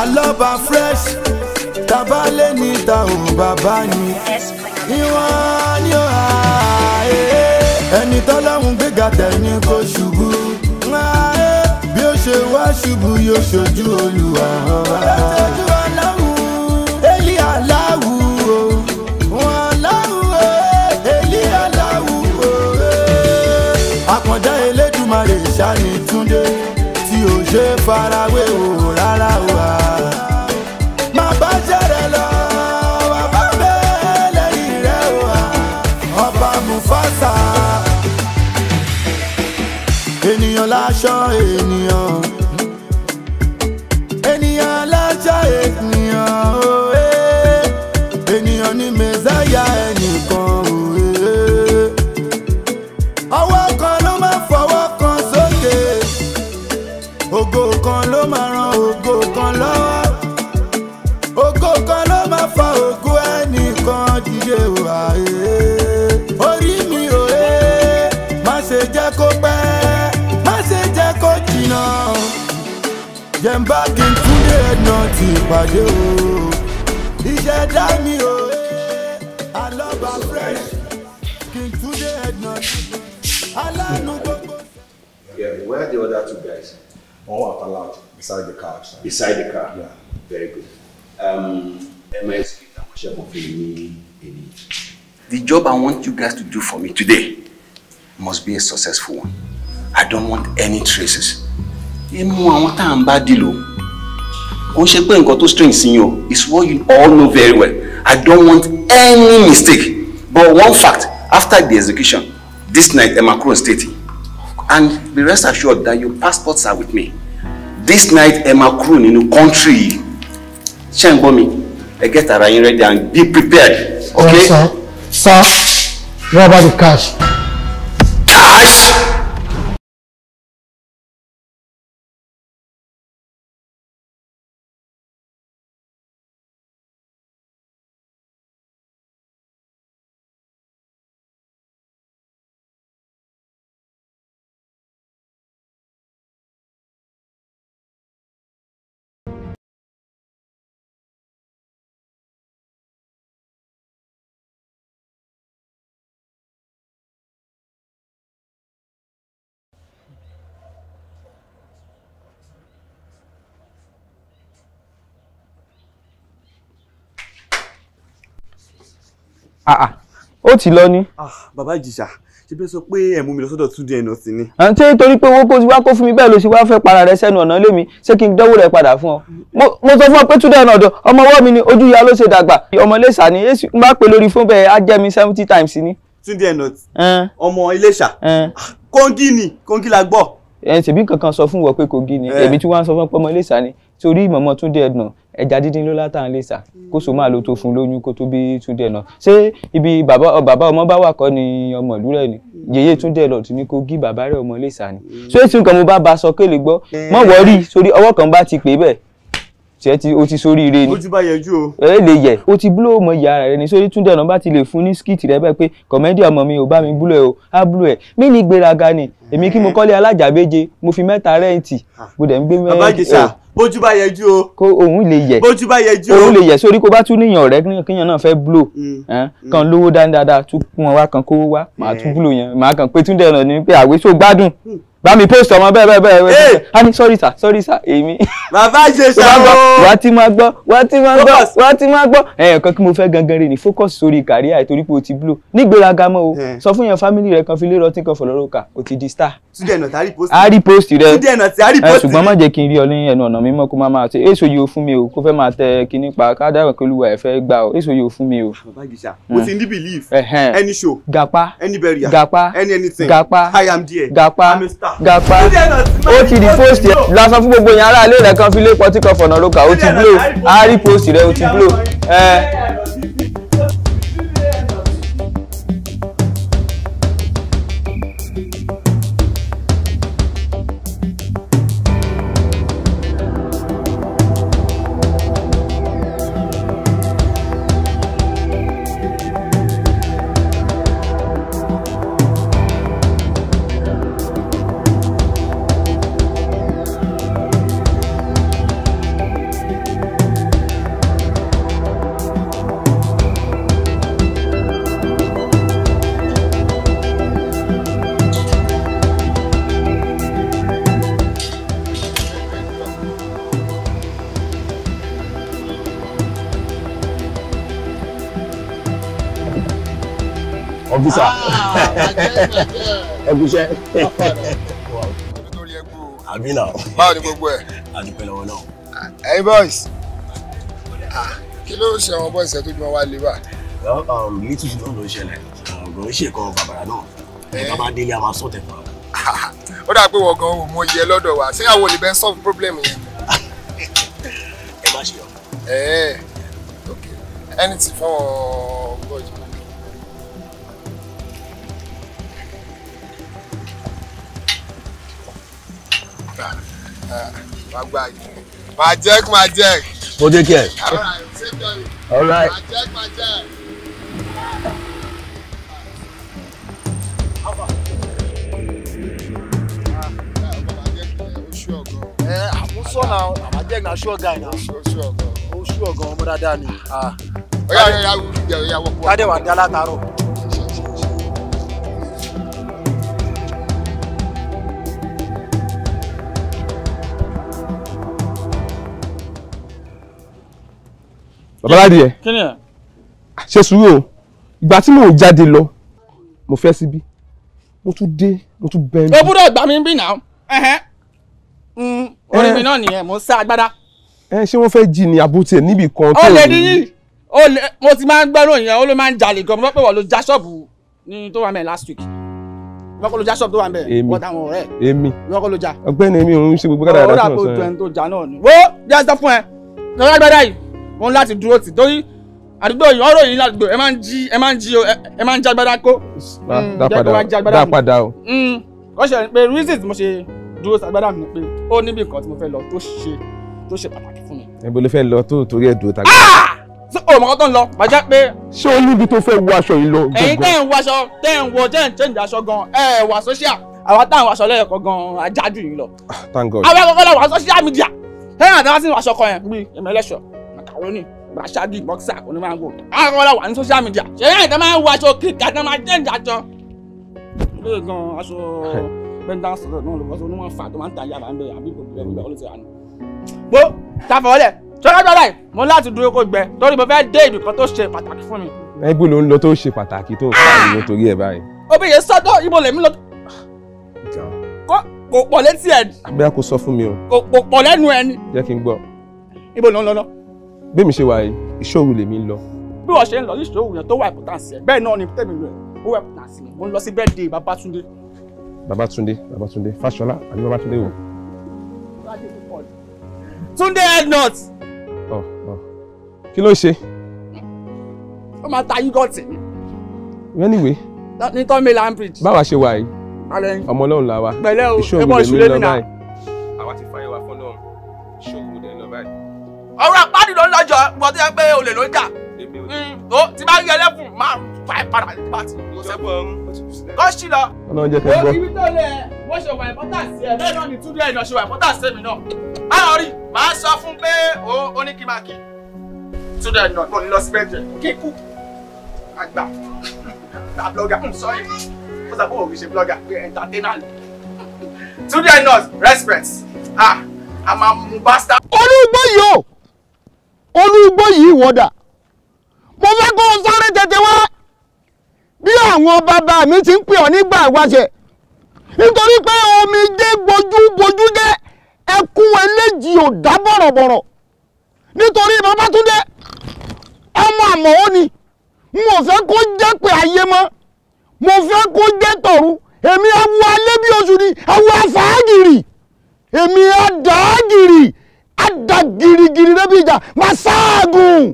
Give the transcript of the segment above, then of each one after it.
alọ́ba fresh tàbá lé ní ìtàhùn bàbá ni ìwọ̀n ni ó hà eh, eh. ẹni tọ́lọ́hún gbéga tẹ̀yìn kò ṣubú eh, bí ó ṣe wá ṣubú yóò ṣojú olùwà hàn. àkàndá elédùmarè ṣáni túndé ò ṣe farawé o rárá wa. má bá jẹ̀rẹ̀ lọ wà bá bẹ́ẹ̀ lẹ́yìn rẹ̀ wà ọba Mufasa. ènìyàn láṣọ ènìyàn. dem back in Túndé náà ti pàdé o. ìṣẹ̀dá mi o alọ́ba eh, fresh King Túndé náà alánú gbogbo. Yeah, where are the other two guys? One was allowed beside the car. Sorry. Beside the car? Yeah. Very good. Um, MS The job I want you guys to do for me today must be a successful one. I don't want any traces ẹ mú àwọn tá à ń bá dì lò kò ṣe pé nǹkan tó strange sí yín o it's what you all know very well I don't want any mistake but one fact after the execution this night Emma máa kúrò state and be rest assured that your passports are with me this night Emma máa in the country yìí ṣé ń gbọ́ mi ẹ get ara yín ready and be prepared okay. Yes, sir. sir, what about the cash? Ah, ah. ó ti lọ ni. Ah, bàbá ìjìṣà ṣe bẹ́ẹ̀ sọ pé ẹ̀ mú mi lọ sọ́dọ̀ túndé ẹ̀nà sí ni. à ń tẹ́ torí pé owó kó ti wá kó fún mi bẹ́ẹ̀ ló ṣe wá fẹ́ para rẹ sẹ́nu ọ̀nà lémi ṣé kí n dánwò rẹ padà fún ọ. mo sọ fún ọ pé túndé ẹ̀nà ọ̀dọ̀ ọmọ ọwọ́ mi ni ojú ya ló ṣe dàgbà ọmọ iléṣà ni èsì ń bá pè lórí fún bẹ́ẹ̀ á jẹ́ mi seventy times ni. túndé ẹ̀nà ọmọ iléṣà kóńgì ni kóńgì la gbọ́. ẹ̀ ṣèbí kankan sọ fún wọ pé kò gí ni èmi tí wọ́n á sọ fún ọmọ iléṣà ni torí mọ̀mọ́ túndé ẹ̀nà ẹja dídín ló látàn lè sà mm. kó so máa lo tó fún lóyún kó tó bí túndé náà ṣé ibi bàbá bàbá ọmọ bá wà kọ́ ni ọmọ ìlú rẹ̀ ni mm. yèyé túndé lọ tí ní kó gí bàbá rẹ̀ ọmọ lè sà ni mm. ṣé èsì nǹkan mo bá ba sọ kéle gbọ́ eh. mọ̀ wọ́rí sórí ọwọ́ kan bá ti pè é bẹ́ẹ̀ tiẹ̀ ti o ti sórí ire ni o ti bá yẹjú o ẹ lè yẹ o ti búlò ọmọ ìyá rẹ ni sórí túndé náà bá ti lè fún ní skit rẹ bẹ́ẹ̀ pé kọ̀mẹ́dì ọmọ mi ò bá mi búlò ẹ o á búlò ẹ mí ní gbéraga ni èmi kí mo eh. kọ́lé alájà méje mo fi mẹ́ta rẹ́ǹtì mo dẹ̀ ń gbé mẹ́rin. bàbá ìjẹsà eh bójú bá yẹjú o. kó òun lè yẹ bójú bá yẹjú o. òun lè yẹ sórí kó bá tún níyàn ọ̀rẹ́ kíyàn náà fẹ́ blow mm. kan mm. lówó dáadáa tún kún wọn wá kan kówó wá màá tún eh. blow yẹn màá kàn pé túndẹ̀ náà ni pé àwé gbádùn. Hmm bá mi post ọmọ bẹ́ẹ̀ bẹ́ẹ̀ bẹ́ẹ̀ a ní sorry sir sorry sir èmi. bàbá ṣe ṣàwọ. wá tí máa gbọ́ wá tí máa gbọ́ wá tí máa gbọ́ ẹ̀yàn kan kí mo fẹ́ gangan rè ní focus sórí kàríà ìtorí pé o ti blow nígbéraga mọ́ o sọ fún yẹn family rẹ kan fi lérò tí kan fọ̀lọ́rọ̀ kà o ti di star. túdẹ̀nà tí a rí post rẹ. a rí post rẹ ṣùgbọ́n má jẹ́ kí n rí ọ ní ẹnu ọ̀nà mi mọ́ kó má máa ṣe èso yìí o fún mi o kó fẹ́ máa tẹ kinní pa kádàrọ̀ pé olúwa ẹ̀ fẹ́ gbà o èso yìí o fún mi o. bàbá ìgbésà mo ti any show gapa any burial gapa any anything gapa i am there gapa i'm a star Gàpá ó ti di post yẹn lásán fún gbogbo yẹn aráàlú rẹ̀ kan fi lé pọtí kan fọ̀nà lóka ó ti blow á rí post rẹ̀ ó ti blow. sà ẹgúsẹ. àbí náà. báwo ni gbogbo ẹ. àdúpẹ́ lọ́wọ́ náà. ẹ̀yin boys ah, kí ló ṣe àwọn boys ẹ tó jùmọ̀ wá lè bá. Um, little ṣùgbọ́n ló ń ṣẹlẹ̀ ọ̀gbọ̀n ṣe kan bàbàrà náà ẹ̀ bàbá délé a máa sọ̀tẹ̀ fún wa. ó dà pé wọ́n gan-an ò mọ iye lọ́dọ̀ wa ṣé àwọn olè bẹ́ẹ̀ solve problem yẹn. ẹ má ṣe yọ. ẹ ẹ ẹni tí fọwọ́. wàá gbà yìí máa jẹ́ máa jẹ́. mo dé kí ẹ. all right. máa jẹ́ máa jẹ́. sọ na àmà jẹ́ na sure guy na. ó sure gan ọmọ dáadáa ni. ọ̀yà ọ̀yà ọ̀yà wọ̀ pọ̀. tádé wà ní alátàárọ̀. babaládìyẹ ṣe sùúrù o ìgbà tí mò ń jáde lọ mo fẹ́ síbí mo tún dé mo tún bẹ́ẹ̀ ní. o búrò ìgbà mi ń bì náà mm, orí mi náà nìyẹn mo ń sá agbádá. ẹ ṣé wọ́n fẹ́ jí ni àbútẹ níbi kan tó. ó lè ní yìí mo ti máa ń gbẹ́rò yẹn ó ló máa ń jalè gan mo fẹ́ pé wọ́n ló já ṣọ́ọ̀bù ní tó wà mẹ́rin last week wọ́n kọ́ ló já ṣọ́ọ̀bù tó wà mẹ́rin wọ́n táwọn ọ̀rẹ́ èmi wọ́n kọ́ ló já. ọgbẹ́ni èmi òun ṣe gbogbo kádàrá tó ń sọ yẹn. ó rà pé o tó ẹni tó já náà ni. wo jẹ́ ẹ sọ fún ẹ lọ́wọ́ agbádá yìí wọn láti dúró tì torí àdúgbò yìí ọ̀rọ̀ yìí ládùúgbò ẹ máa ń jí ẹ máa ń jí o ẹ máa ń já gbádá kó. dá mm. padà o. wọ́n mm. ṣe pé reason tí mo ṣe dúró sàgbádà mi ni pé ó níbi nǹkan tí mo fẹ́ lọ tó ṣe tó ṣe pàtàkì fún mi. ẹ̀bùn ló fẹ́ lọ tó torí ẹ̀ dúró tàgbà. Ah! ṣé o mọ̀ kọ́ tó ń lọ bá jẹ́ pé. ṣé o níbi tó fẹ́ wọ aṣọ yìí lọ. ẹ̀yin tẹ́ ń wọ aṣọ tẹ́ ń wọ tẹ́ ń change aṣọ gan ẹ̀ wà social àwa táwọn aṣọ lẹ́yọ̀kọ̀ ah, thank God. àwọn akọ́kọ́ lọ wà social media ẹ̀yìn àtàwọn sì ń wọ aṣọ kan yẹn bí ẹ̀mẹ́lẹ́ṣọ̀ macaroni rashadi boxer onímọ̀ọ́gò àwọn ọlọ́wà ní social media ṣé yẹn ìtẹ́ máa ń wọ aṣọ kíkà náà máa jẹ́ ìdájọ́ lóye gan aṣọ bẹ́ńdà sọ̀rọ̀ náà lọ́wọ́ sọ onímọ̀ fà tó máa ń ta yàrá ń bẹ àbí kò bẹ̀rẹ̀ bẹ̀rẹ̀ olùsẹ̀ àná. bó tafọ̀ wọlé tọ́lájọ́ láì mo láti dúró kó gbẹ torí mo fẹ́ dé ìdù kan tó ṣe pàtàkì fún mi. ibo ló ń lọ tó ṣe pàtàkì tó ń fa ìwé torí ẹ báyìí. òbí yẹn sọ́dọ̀ ibo lèmi lọ. kò pọ̀ létí ẹ̀. abẹ́yà kò sọ fún mi o. kò pọ̀ lẹ́nu ẹ ni. jẹ́ kí n gbọ́. ibo ló ń lọ náà bẹ́ẹ̀ mi ṣe wà yìí ìṣòro lèmi ń lọ. bí wọ́n ṣe ń lọ ní ìṣòro yẹn tó wà ìpòtàsí ẹ̀ bẹ́ẹ̀ náà ni tẹ̀mí lọ ó wà ìpòtàsí ẹ̀ mo ń lọ sí birthday Babátúndé. Babátúndé Babátúndé Fáṣọlá àbí Babátúndé wò. Túndé headnut. ọ ọ kí ló ṣe. ó máa ta yúgọ̀tì. anyway. ní tọ́mílán bridge. báwa ṣe wà yìí ọmọ ọlọ́run làwa ìṣòro lèmi ń lọ báyìí. jọ ìwọ tó yẹ pé olè ló ń jà ó ti bá rí ẹlẹ́fùn máa fa ìpadà ní bá ti ní ọ̀sẹ̀ fún kọ́ sí lọ. ọlọ́run jẹ́ kẹ́ gbọ́. ibi tó lẹ wọ́n ṣe wà ìpọ́tà sí ẹ bẹ́ẹ̀ náà ni túndú ẹ̀yàn ṣe wà ìpọ́tà sí èmi náà. má lọ rí màá sọ fún pé ó ní kí n máa kí túndú ẹ̀yàn náà ní lọ sí bẹ́ẹ̀ jẹ kíkú àgbà àgbà blogger sorry ó sọ pé òun kì í ṣe blogger pé entertainer ni túndú ẹ̀yàn náà respect ah a máa mú basta. olú gbọ́ yìí o olúgbó yìí wọ̀dà mo fẹ́ kó o sáré tètè wá bí àwọn bàbá mi ti ń pè ọ́ nígbà ìwáṣẹ̀ nítorí pé omi dé dé ẹkún ò dá bọ̀rọ̀bọ̀rọ̀ nítorí ọmọ àmọ̀wó ni mo fẹ́ kó jẹ́ pé ayé mọ́ mo fẹ́ kó jẹ́ èmi Ada da girigiri débi ìjà máa ṣáàgùn.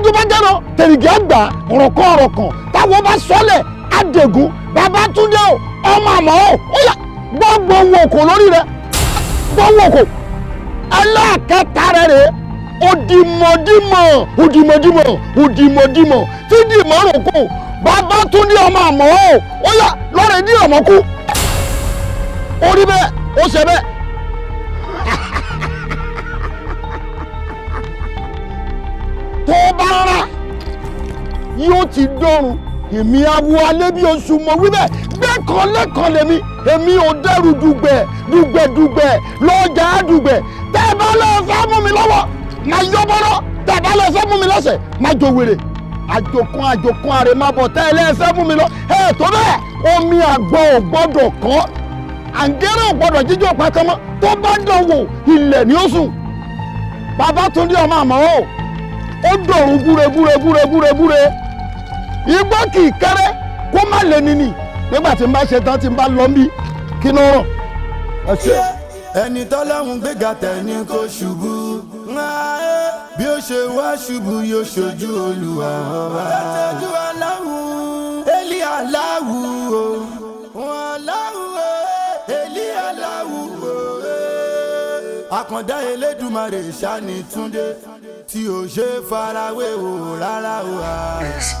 bájú bá jẹ́rọ tèrìgì àgbà ọ̀rọ̀kan ọ̀rọ̀kan táwọn bá sọ́lẹ̀ àdègùn bàbá túndé o ọmọ àmọ́ o ó yà gbọ́ngbọ́ wo òkò lórí rẹ gbọ́ngbọ́ òkò ẹlẹ́ẹ̀kẹta rẹ rèé odimodimọ odimodimọ odimodimọ tí dìmọ̀ rò kó bàbá túndé ọmọ àmọ́ o ó yà lọ́rẹ̀ ní ọmọ kú orí bẹ́ẹ̀ ó ṣe bẹ́ẹ̀. tó bá rà yóò ti dọ̀run èmi awo alẹ́ bí oṣù mọ̀ wíbẹ̀ gbẹ́kan lẹ́kan lèmi èmi ò dẹ́rù dùgbẹ̀ dùgbẹ̀ dùgbẹ̀ lọ́jà dùgbẹ̀ tẹ́ ẹ bá lọ fẹ́ mú mi lọ́wọ́ máa yọ bọ́rọ́ tẹ́ ẹ bá lọ fẹ́ mú mi lọ́sẹ̀ máa jò wèrè àjòkun àjòkun àrè máa bọ̀ tẹ́ ẹ mú mi lọ ẹ tó bẹ́ẹ̀ omi àgbọn ò gbọ́dọ̀ kọ́ àǹgẹ́rẹ́ ò gbọ́dọ̀ jíjọ́ pàtàmọ́ tó bá dánwò ilẹ̀ ni ó sùn Babátúndé ọmọ àmọ́ o ó dòrùn gúregúre gúregúre gúre igbó kì í kéré kó má lè nìní nígbà tí n bá ṣe tán tí n bá lọ mí kí ló rọ. ẹni tọ́lọ́hún gbéga tẹ̀ni kò ṣubú bí ó ṣe wá ṣubú yóò ṣojú Olúwa ọba. ọlọ́run Élíyà aláwù o. àkàndá elédùmarè ṣáni túndé tí ò ṣe farawé wò rárá o. please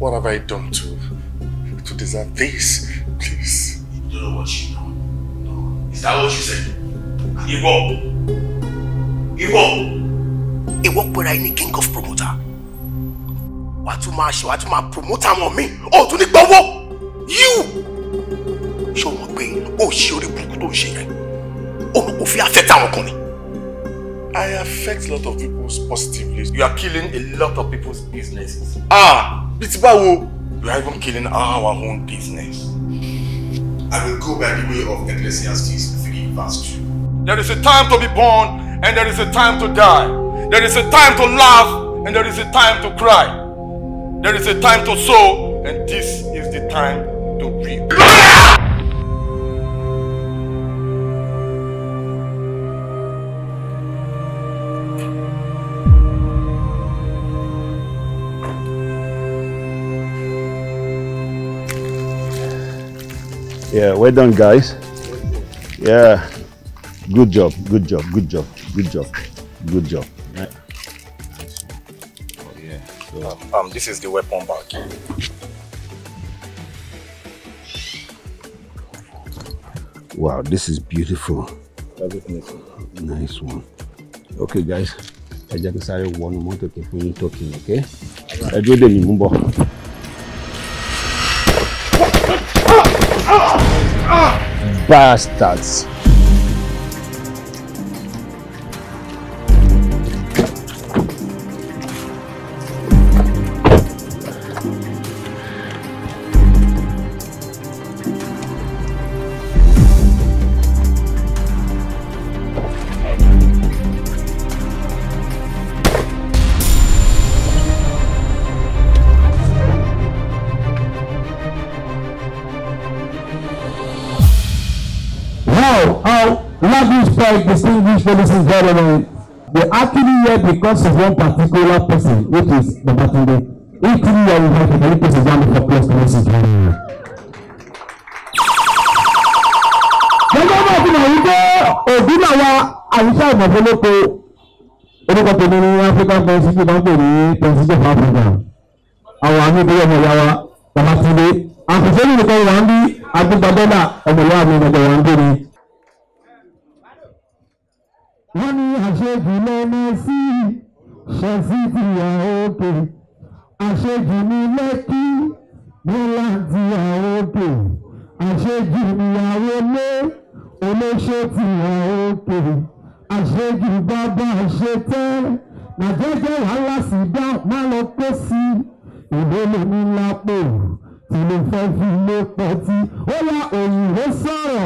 what have I done to to deserve this please. you don't know what she know no is that what she said ìwọ ìwọ. ìwọ pera ẹni king of promoter wàá tún máa ṣe wàá tún máa promoter wọn mi ó tún ní gbọ́wọ́ you ṣé o mọ̀ pé o ṣe orí burúkú tó ń ṣe yẹn olùkòfin affect àwọn ọkùnrin. I affect a lot of people's positively. You are killing a lot of people's businesses. Ah, bí ti báwo? You are even killing our own business. I will go by the way of Ecclesiastes 3 verse 2. There is a time to be born and there is a time to die. There is a time to laugh and there is a time to cry. There is a time to sow and this is the time to reap. Yeah, well done, guys. Yeah, good job, good job, good job, good job, good job. Um, this is the weapon bag. Wow, this is beautiful. Nice one. Okay, guys. I just decided one more to keep talking, okay? I do the bastards. no, no, no. actually here because of one particular person, which is the bartender. If you are with him, can you please examine for plus message? Gẹ́gẹ́ bá ti mọ̀ wípé òbí náà wá àyíṣà ìmọ̀fólópo orúkọ tèmi ní African Pencil náà pè ní of Africa. Àwọn àmì ìdílé ọmọ ìyá wa Babatunde. Àfẹ́fẹ́ nìkan wà ń bí agbẹ́gbẹ́dọ́là ọmọ ìyá mi ọmọ ìyá wa ń bí ni wọ́n ní àṣejù lẹ́nu sí ṣe sí tìyà òkè àṣejù ní lẹ́kí ní láti àwọn òkè àṣejù níyàwó lé olóṣè tìyà òkè àṣejù bàbá àṣetẹ́ nàjẹ́jẹ́ wàhálà sí dá má lọ kó sí ìdólómi lápò tí mo fẹ́ fi lé pọtí ó yá òyìnbó sọ̀rọ̀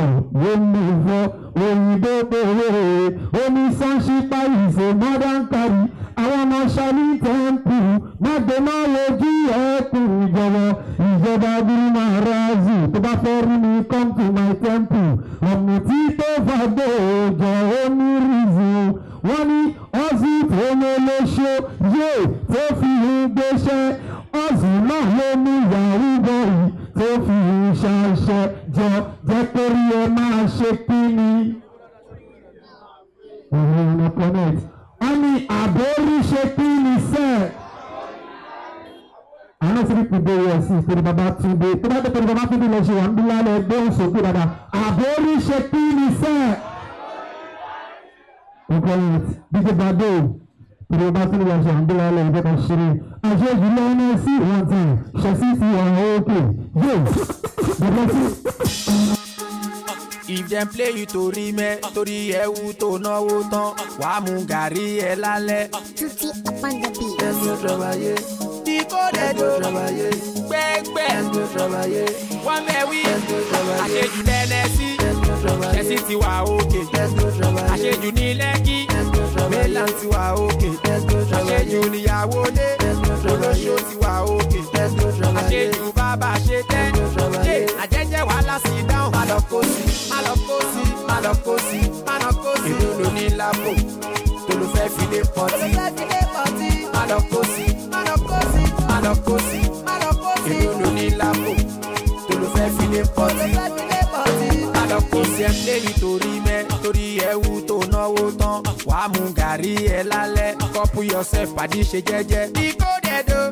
ó ní ìfọ òyìnbó bèrè ó ní sanṣi paris ṣe modern paris àwọn ọmọ ṣáni tẹ́ǹpù gbàgbé máa lójú ẹ̀ẹ́kù ìjọba ìjọba bíi máa ráàzù tó bá fẹ́ rí mi come to my temple ọ̀nà tí tó fàgbé òòjọ́ ó ní rìzù wọ́n ní ọ́sì tó lé lóṣó yóò tó fi ń gbéṣẹ́ ọ̀sìn náà ló ní ìyàwó bọ̀yì tó fi ìṣàṣẹ jẹ jẹ́ torí ẹ máa ṣe kí ni. ọ̀rọ̀ ọ̀nà planet wọ́n ní àbórí ṣe kí ni sẹ́ẹ̀. àwọn sì ní kùdé yẹn sí ìpinnu bàbá Túndé tó bá dé pẹ̀lú bàbá Túndé lọ ṣe wà ń dúró lálẹ́ gbóhùn sókè dáadáa àbórí ṣe kí ni sẹ́ẹ̀. ọ̀pọ̀ yẹn dídé bàdé pẹ̀lú bàbá Túndé lọ ṣe wà ń dúró lálẹ́ ìjọba ṣeré àṣejù lọ́wọ́ sí ìwọ̀n tí ṣẹ̀sí sí ọ̀rọ̀ òkè yóò bẹ̀rẹ̀ sí. If dem play you torí mẹ́, torí ẹ̀wù tó náwó tán, wàá mú gàrí ẹ̀ lálẹ́. Tuti upon the beat. Ẹni ó ṣàbàyé. Dìbò rẹ̀ jò. Ẹni ó ṣàbàyé. Gbẹ́gbẹ́. Ẹni ó ṣàbàyé. Wọ́n mẹ́wí. Ẹni ó ṣàbàyé. Àṣejù lẹ́nẹ́ sí. Jẹ́sí ti wà òkè. Àṣejù ní Lẹ́kí. Mélà ti wà òkè. Àṣejù níyàwó lé. Olóṣó ti wà òkè. Àṣejù bàbá ṣe tẹ́. Ṣé àjẹjẹ wàhálà sí dáhùn? Má lọ kó sí. Má lọ kó sí. Má lọ kó sí. Má lọ kó sí. Èlò ló ní lápò. Tolúfẹ́ fi lé pọtí. Tolúfẹ́ fi lé pọtí. Má lọ kó sí. Má lọ kó sí. Má lọ kó sí. Má lọ ní lápò. Tolúfẹ́ fi lé pọtí. Tolúfẹ́ fi lé pọtí jẹ léyìí torí mẹ́ torí ẹ̀wù tó náwó tán wàá mú gàrí ẹ̀ lálẹ́ kọ́pù yọ̀sẹ̀ fàdí ṣe jẹ́jẹ́. ikó dẹ̀dọ̀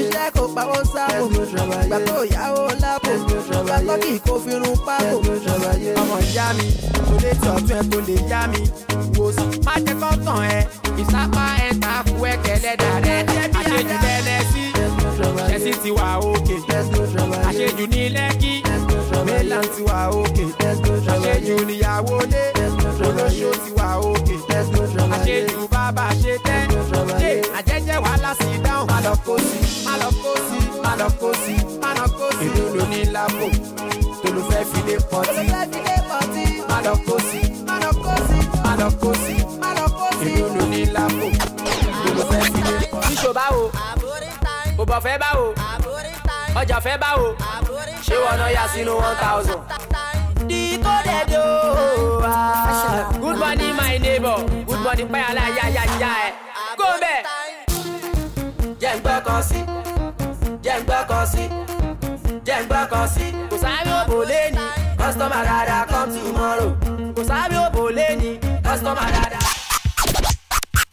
iṣẹ́ kò pawó sáwò gbà tó yáwó lábò gbà tó kì í kó fi pákó. ọmọ ìyá mi tó lè tọ̀ tún ẹ tó lè yá mi wò sí. má jẹ́ kó tàn ẹ́ ìsápá ẹ̀ ta kú ẹ̀ kẹlẹ́dà rẹ̀ àṣejù lẹ́lẹ́ sí ṣẹ́sí ti wà òkè àṣejù ní lẹ́kì island ti wà òkè àṣejù níyàwó dé olóṣó ti wà òkè àṣejù bàbá ṣe tẹ́ ṣe àjẹjẹ wàhálà sí dáhùn má lọ kó sí má lọ kó sí má lọ kó sí má lọ kó sí ìlú ló ní lápò tolúfẹ́ fi lé pọtí má lọ kó sí má lọ kó sí má lọ kó sí ìlú ló ní lápò tolúfẹ́ fi lé pọtí. bíṣọ báwo bòbọ̀ fẹ́ báwo ọjà fẹ́ báwo ṣé wọn náà yà sínú one thousand. di tó dẹ̀ good morning my neighbor good morning payala ya ẹ. kó bẹ́ẹ̀. jẹ́ ń gbọ́ kan sí jẹ́ ń gbọ́ kan sí jẹ́ ń gbọ́ kan sí. kò sáré òbò lẹ́ni. customer dada come tomorrow. kò sáré òbò lẹ́ni. customer dada.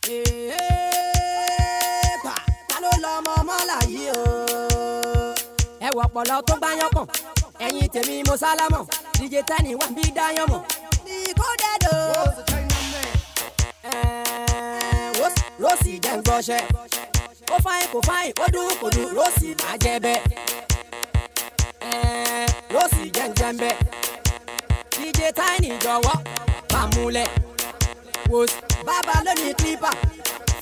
ẹ̀ẹ́dẹ́gbà ta ló lọ ọmọ ọmọ làyé o ọpọlọ tó gbáyàn pọ̀ ẹ̀yin tèmi mo sálámọ̀ DJ Tiny wà bí dáyàn mọ̀. nìkó dẹ́dọ̀. rosy jẹ́ ń gbọ́ṣẹ́ ó fáyín kò fáyín ó dún kò dún rosy máa jẹ bẹ́ẹ̀ rosy jẹ́ ń jẹ́ ń bẹ́ẹ̀ DJ Tiny jọ̀wọ́ bàmúlẹ̀ wò bàbá lónìí clipper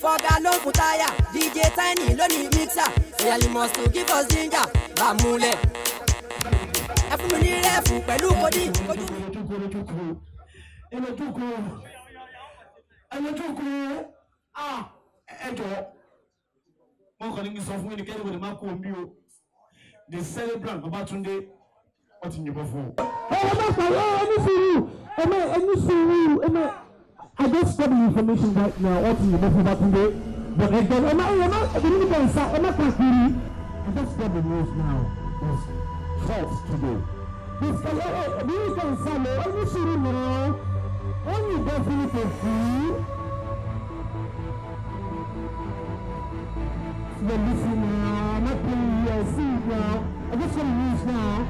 fọ́gá ló kún táyà dj tiny lónìí mixer ẹ̀yà you must to give us ginger bá múlẹ̀. ẹ fún mi ní rẹ́ẹ̀fù pẹ̀lú kodi. ẹlẹ́dúkú ẹlẹ́dúkú ẹjọ́ ah, wọn kàn ní mi sọ fún ẹni kẹ́lẹ́ wọlé má kó omi o the celebrant Babátúndé wọ́n ti yìnbọn fún o. ẹ ẹ má pàrọ̀ ẹ ní sùúrù ẹ má ẹ ní sùúrù ẹ má. I just got the information right now. What is the today? But again, I'm I'm I'm I'm I'm I just got the news now. It's 12 today. This guy, oh, oh, can say, man, I'm sure now. When you go free, you now, I'm not playing here, see now. I just got the news now.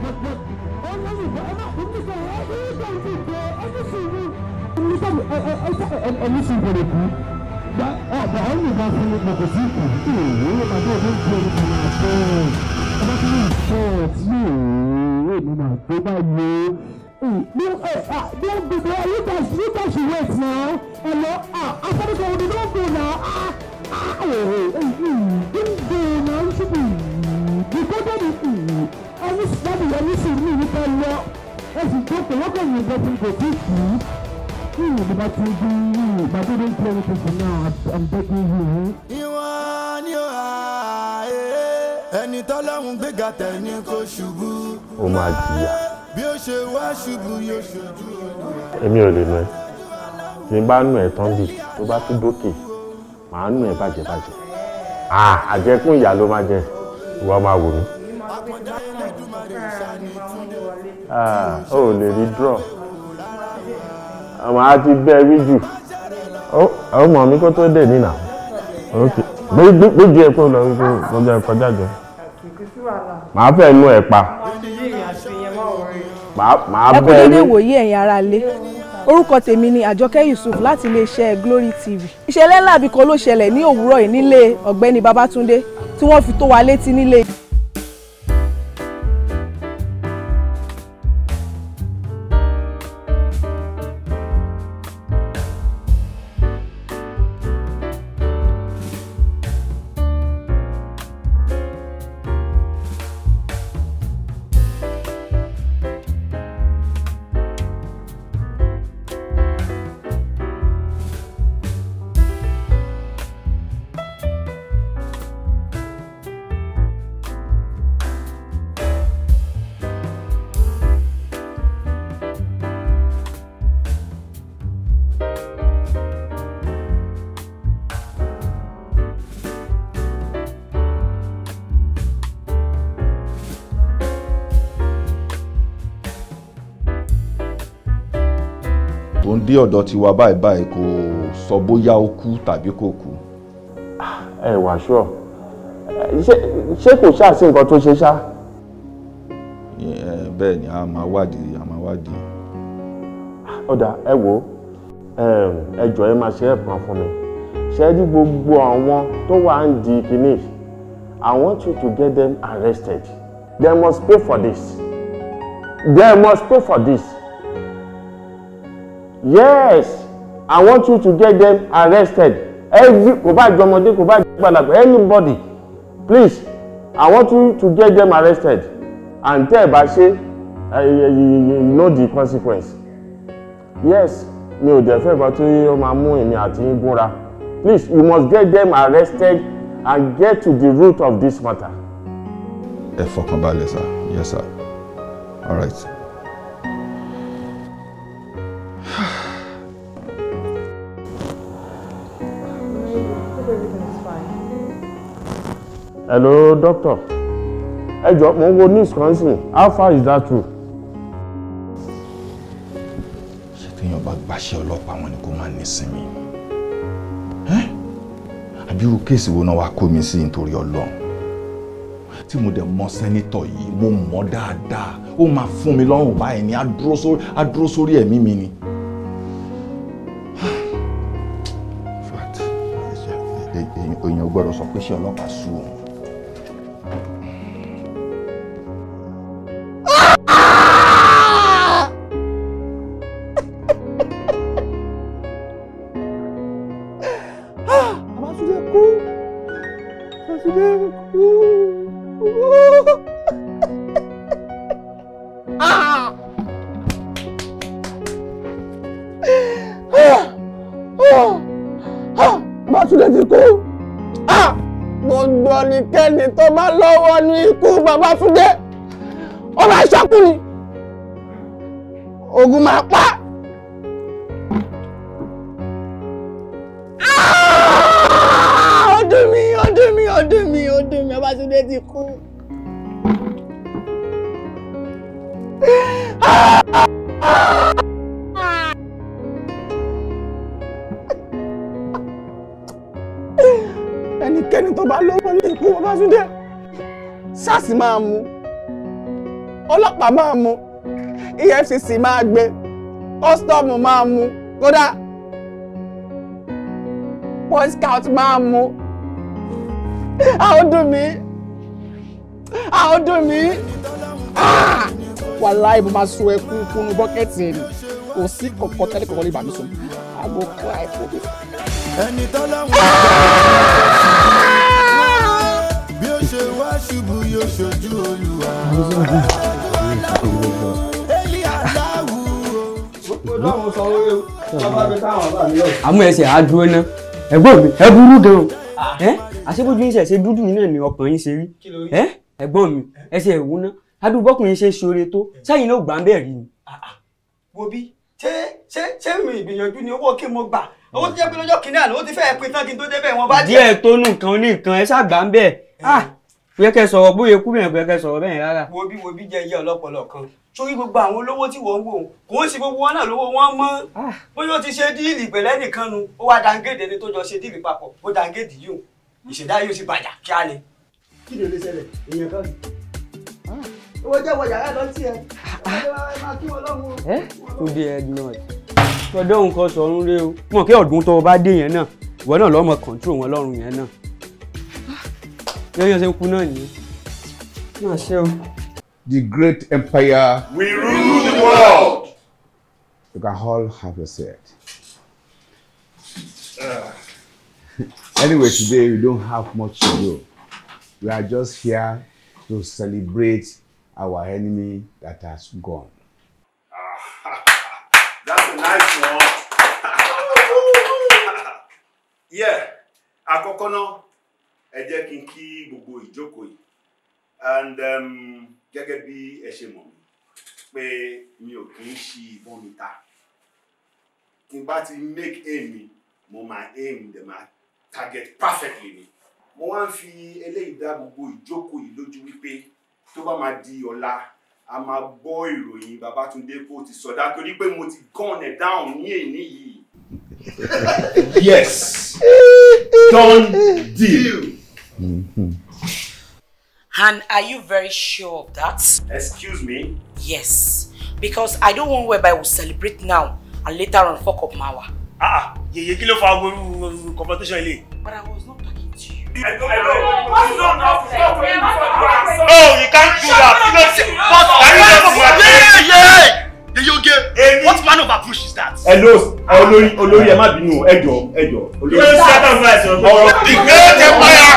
But, but, oh, no, I'm not, I'm I'm not going to i just ẹni sábà ẹ ẹ ẹ ẹni sùn gbọ́dọ̀ kú gba ọba ọyún ìbá fún mọkò sí ìkù ìwé ìpàdé ọdún tó ń bọ̀ náà fẹ ọba tó ń sọ tí òwe mi máa gbé báyìí bí ẹ ẹ bí ó gbèsè ẹ yóò tẹsí yóò tẹsí wẹ̀ tí ẹ ẹ lọ à afẹ́rẹ́sọ òde ló ń bọ̀ náà á á ẹ ẹ ń bọ̀ náà ń ṣubú ìkọ́jọ́ mi ẹni sábà ẹni sì ní ìwé pẹ̀lú ẹ sì tó pé wọ́n kàn yín bọ́ fún kò tí kì í you, the bad thing you, but they don't play with you for now. I'm begging you. You are, you are, ẹni tọ́lọ́run gbéga tẹ̀ni kò ṣubú. ó oh máa jìyà. Eh, bí ó ṣe wá ṣubú yóò ṣojú ọdún. èmi ò lè nu ẹ ní ẹ tán bì tó bá tún dókè màá nu ẹ bàjẹ́ bàjẹ́ àjẹkùn ìyá ló máa jẹ ìwọ máa wò mí. ó lè rí draw àmọ́ a ti bẹ́ rí jù. àwọn ọmọ mi kó tó dé nínà gbéjú ẹ kó lọ wípé lọ́jọ́ ẹ kọjá jọ. màá fẹ́ nu ẹ̀ pa. màá bẹ́ rí. ẹ kò dédé wòye ẹ̀yin ara lé orúkọ tèmi ni àjọkẹ́ yusuf láti iléeṣẹ́ glory tv ìṣẹ̀lẹ̀ ńlá àbíkọ́ ló ṣẹlẹ̀ ní òwúrọ̀ yìí nílé ọ̀gbẹ́ni babatunde tí wọ́n fi tó wa létí nílé. dé ọ̀dọ̀ tiwa báyìí báyìí kò sọ bóyá ó kú tàbí kò kú. Ah, ẹ wà eh, ṣọ ṣé kò ṣáà sí nǹkan tó ṣe ṣá. Eh, bẹ́ẹ̀ ni a máa wádìí a máa wádìí. Ah, ọ̀dà ẹ wò ehm, ẹ jọ ẹ máa ṣe ẹ̀kan fún mi ṣe rí gbogbo àwọn tó wà ń di kínní I want you to get them arrested they must pay for this they must pay for this yes i want you to get them arrested every kò bá jọ ọmọdé kò bá anybody please i want you to get them arrested and tell ẹ̀ bá eh, you know the consequence yes mi ò dẹ̀ fẹ́ kan tí ó máa mú èmi àti yín gúnra please you must get them arrested and get to the root of this matter. ẹ fọkàn balẹ̀ sir yes sir all right. hello doctor ẹ jọ mo ń wo news kan sí how far is that true. ṣé téèyàn bá gbàṣẹ ọlọ́pàá wọn ni kó má nísinmi àbí irú kéèsì wo náà wàá kó mi sí nítorí ọlọ́run tí mo dẹ̀ mọ sẹ́nítọ̀ yìí mo mọ̀ dáadáa ó máa fún mi lọ́rùn báyìí ni á dúró sórí ẹ̀mí mi ni. èèyàn gbọ́dọ̀ sọ pé ṣé ọlọ́pàá sú òun. máa mú ọlọ́pàá máa mú EFCC máa gbé kọ́sítọ́ọ̀mù máa mú kódà boy scout máa mú àwọn dùn mí àwọn dùn mí ah! wàhálà ìbò máa sun ẹkún kúnnú bọ́kẹ́tì rẹ̀ kò sí kọ̀ọ̀kan tẹ́lẹ̀ kọ̀ọ̀kan lè bà mí sùn àgbo kọ́ àìkú. ẹni tọ́lọ́wọ́. Ah! ṣubú yóò ṣojú olúwa. àmú ẹsẹ̀ á dúró ná ẹ̀gbọ́n mi ẹ burú gan-an ah. àṣebójú yín ṣẹ̀ṣẹ̀ dúdú yín náà ni ọkàn yín ṣe rí ẹ̀gbọ́n mi ẹsẹ̀ ìwú ná adúbọ́kùnrin ṣe ṣoore tó sẹ́yìn ló gbà ń bẹ̀ rí ni. Ah, ah. wo bí ṣé ṣé ṣé mi ìgbìyànjú ni owó kí mo gbà owó tó jẹ́ pé lọ́jọ́ kìnìún àná ó ti fẹ́ẹ́ pin tán kí n tó débẹ̀ wọn bá jẹ́. díẹ̀ tó nù kan ní nǹkan ẹ ṣàgbà ń bẹ̀ eh. ah yẹ kẹ sọ̀rọ̀ bóyá kú mi ẹgbẹ kẹ sọ̀rọ̀ bẹ́ẹ̀ rárá. wo bí wo bí jẹ iye ọlọpọlọ kan sórí gbogbo àwọn olówó tí wọn ń wò kò ó gbogbo wọn náà lówó wọn mọ ah. bóyá ó ti ṣe díìlì pẹ̀lẹ́ nìkan nu ó wá dangéde ni tó jọ ṣe díìlì papọ̀ ó dangéde yìí o ìṣẹ̀dá yóò sì bàjá kíá ni. kí ni o lè ṣẹlẹ̀ èèyàn kan ni ah. owó jẹ́ yàrá lọ sí ẹ ah. ẹ tó dé ẹ náà tọdọ́ nǹkan sọ̀run rẹ o mọ̀ kí ọ̀dùn tó o bá dé yẹn náà ìwọ náà lọ́mọ kọ̀ǹtúrò wọn lọ́rùn yẹn náà lórí ọ̀sẹ̀ kú náà nìyẹn náà ṣe o. The great empire. We rule the world. You can all have your say. Uh. Anyway, today we don't have much to do. We are just here to celebrate our enemy that has gone. That's a nice one. Yeah, àkọ́kọ́ náà ẹ jẹ́ kí n kí gbogbo ìjókòó yìí and um, gẹ́gẹ́ bí ẹ ṣe mọ̀ mí pé mi ò kì í ṣi ìbọn mi ta tí n bá ti make aim mi mo máa aim dẹ̀ máa target perfectly ni mo wá ń fi eléyìí dá gbogbo ìjókòó yìí lójú wípé tó bá máa di ọ̀la a máa gbọ́ ìròyìn Babátúndé kó ti sọ̀dá torí pé mo ti gone ẹ̀ down ní èní yìí. yes done deal. Mm-hmm. And are you very sure of that? Excuse me? Yes, because I don't want whereby we celebrate now and later on fuck up Mawa. Ah, yeye kí ló fa agoru confrontation But I was not talking to you. I don't, I don't, Oh, you can't do that. You know, see, what are you doing? Yeah, yeah. The yoga. What man of approach is that? Hello, Olori Olori, I'm not bínú, ẹjọ́, ẹjọ́. Olórí. You don't shut up, my The great empire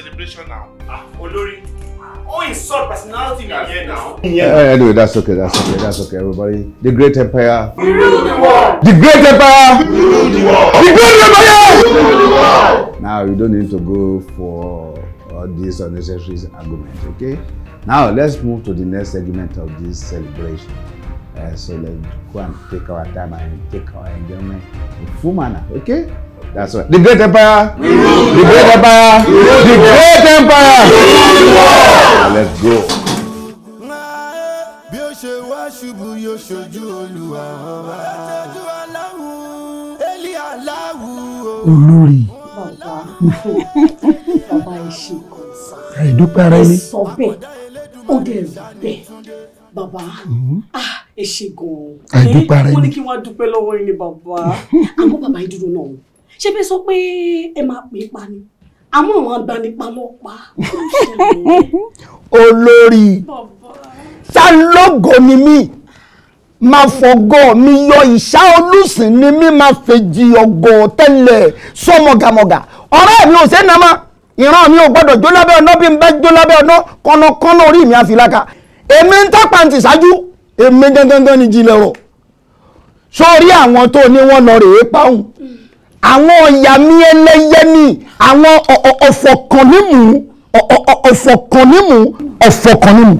celebration now. Ah, Olori, oh insult personality in here now. Yeah, anyway, that's okay, that's okay, that's okay, everybody. The great empire. We rule the world. The great empire. We rule the world. The great empire. We rule the world. Now you don't need to go for all these unnecessary arguments, okay? Now let's move to the next segment of this celebration. Uh, so let's go and take our time and take our enjoyment in full manner, okay? That's right. The great empire. the great empire. the great empire. Let's go. Bí ó ṣe wá ṣubú yóò ṣojú Olúwa ọba. Ṣojú aláwù, Eli aláwù. Olórí. Bàbá ẹ ṣe kan Àìdúpẹ́ ara ẹni. Sọ bẹ́ẹ̀, ó dẹ̀ bẹ́ẹ̀. Bàbá, ah ẹ ṣe gan-an. Àìdúpẹ́ ara ẹni. Mo ní kí wọ́n dúpẹ́ lọ́wọ́ yín ni bàbá. Àmọ́ bàbá yìí dúró náà ṣé fẹ́ sọ pé ẹ máa pè é pa ni àmọ́ àwọn agbanipa ló pa. olórí ta lógo ni mí máa fọgọ́ mi yọ ìṣá olùsìn ni mí máa fèjì ọgọ́ tẹ́lẹ̀ sọ mọ̀gàmọ̀gà ọ̀rẹ́ mi ò sẹ́ni náà mọ́ ìran mi ò gbọ́dọ̀ jó lábẹ́ ọ̀nà bí n bá jó lábẹ́ ọ̀nà kọ́nàkọ́nà orí mi àfìlàkà èmi ń tọ́pa ti ṣáájú èmi gangan ni jìnlẹ̀ rọ̀ sórí àwọn tó ní wọ́n lọ rèé pa òun àwọn ọ̀yà mi ẹlẹ́yẹ ni àwọn ọ̀fọ̀kànnímù ọ̀fọ̀kànnímù ọ̀fọ̀kànnímù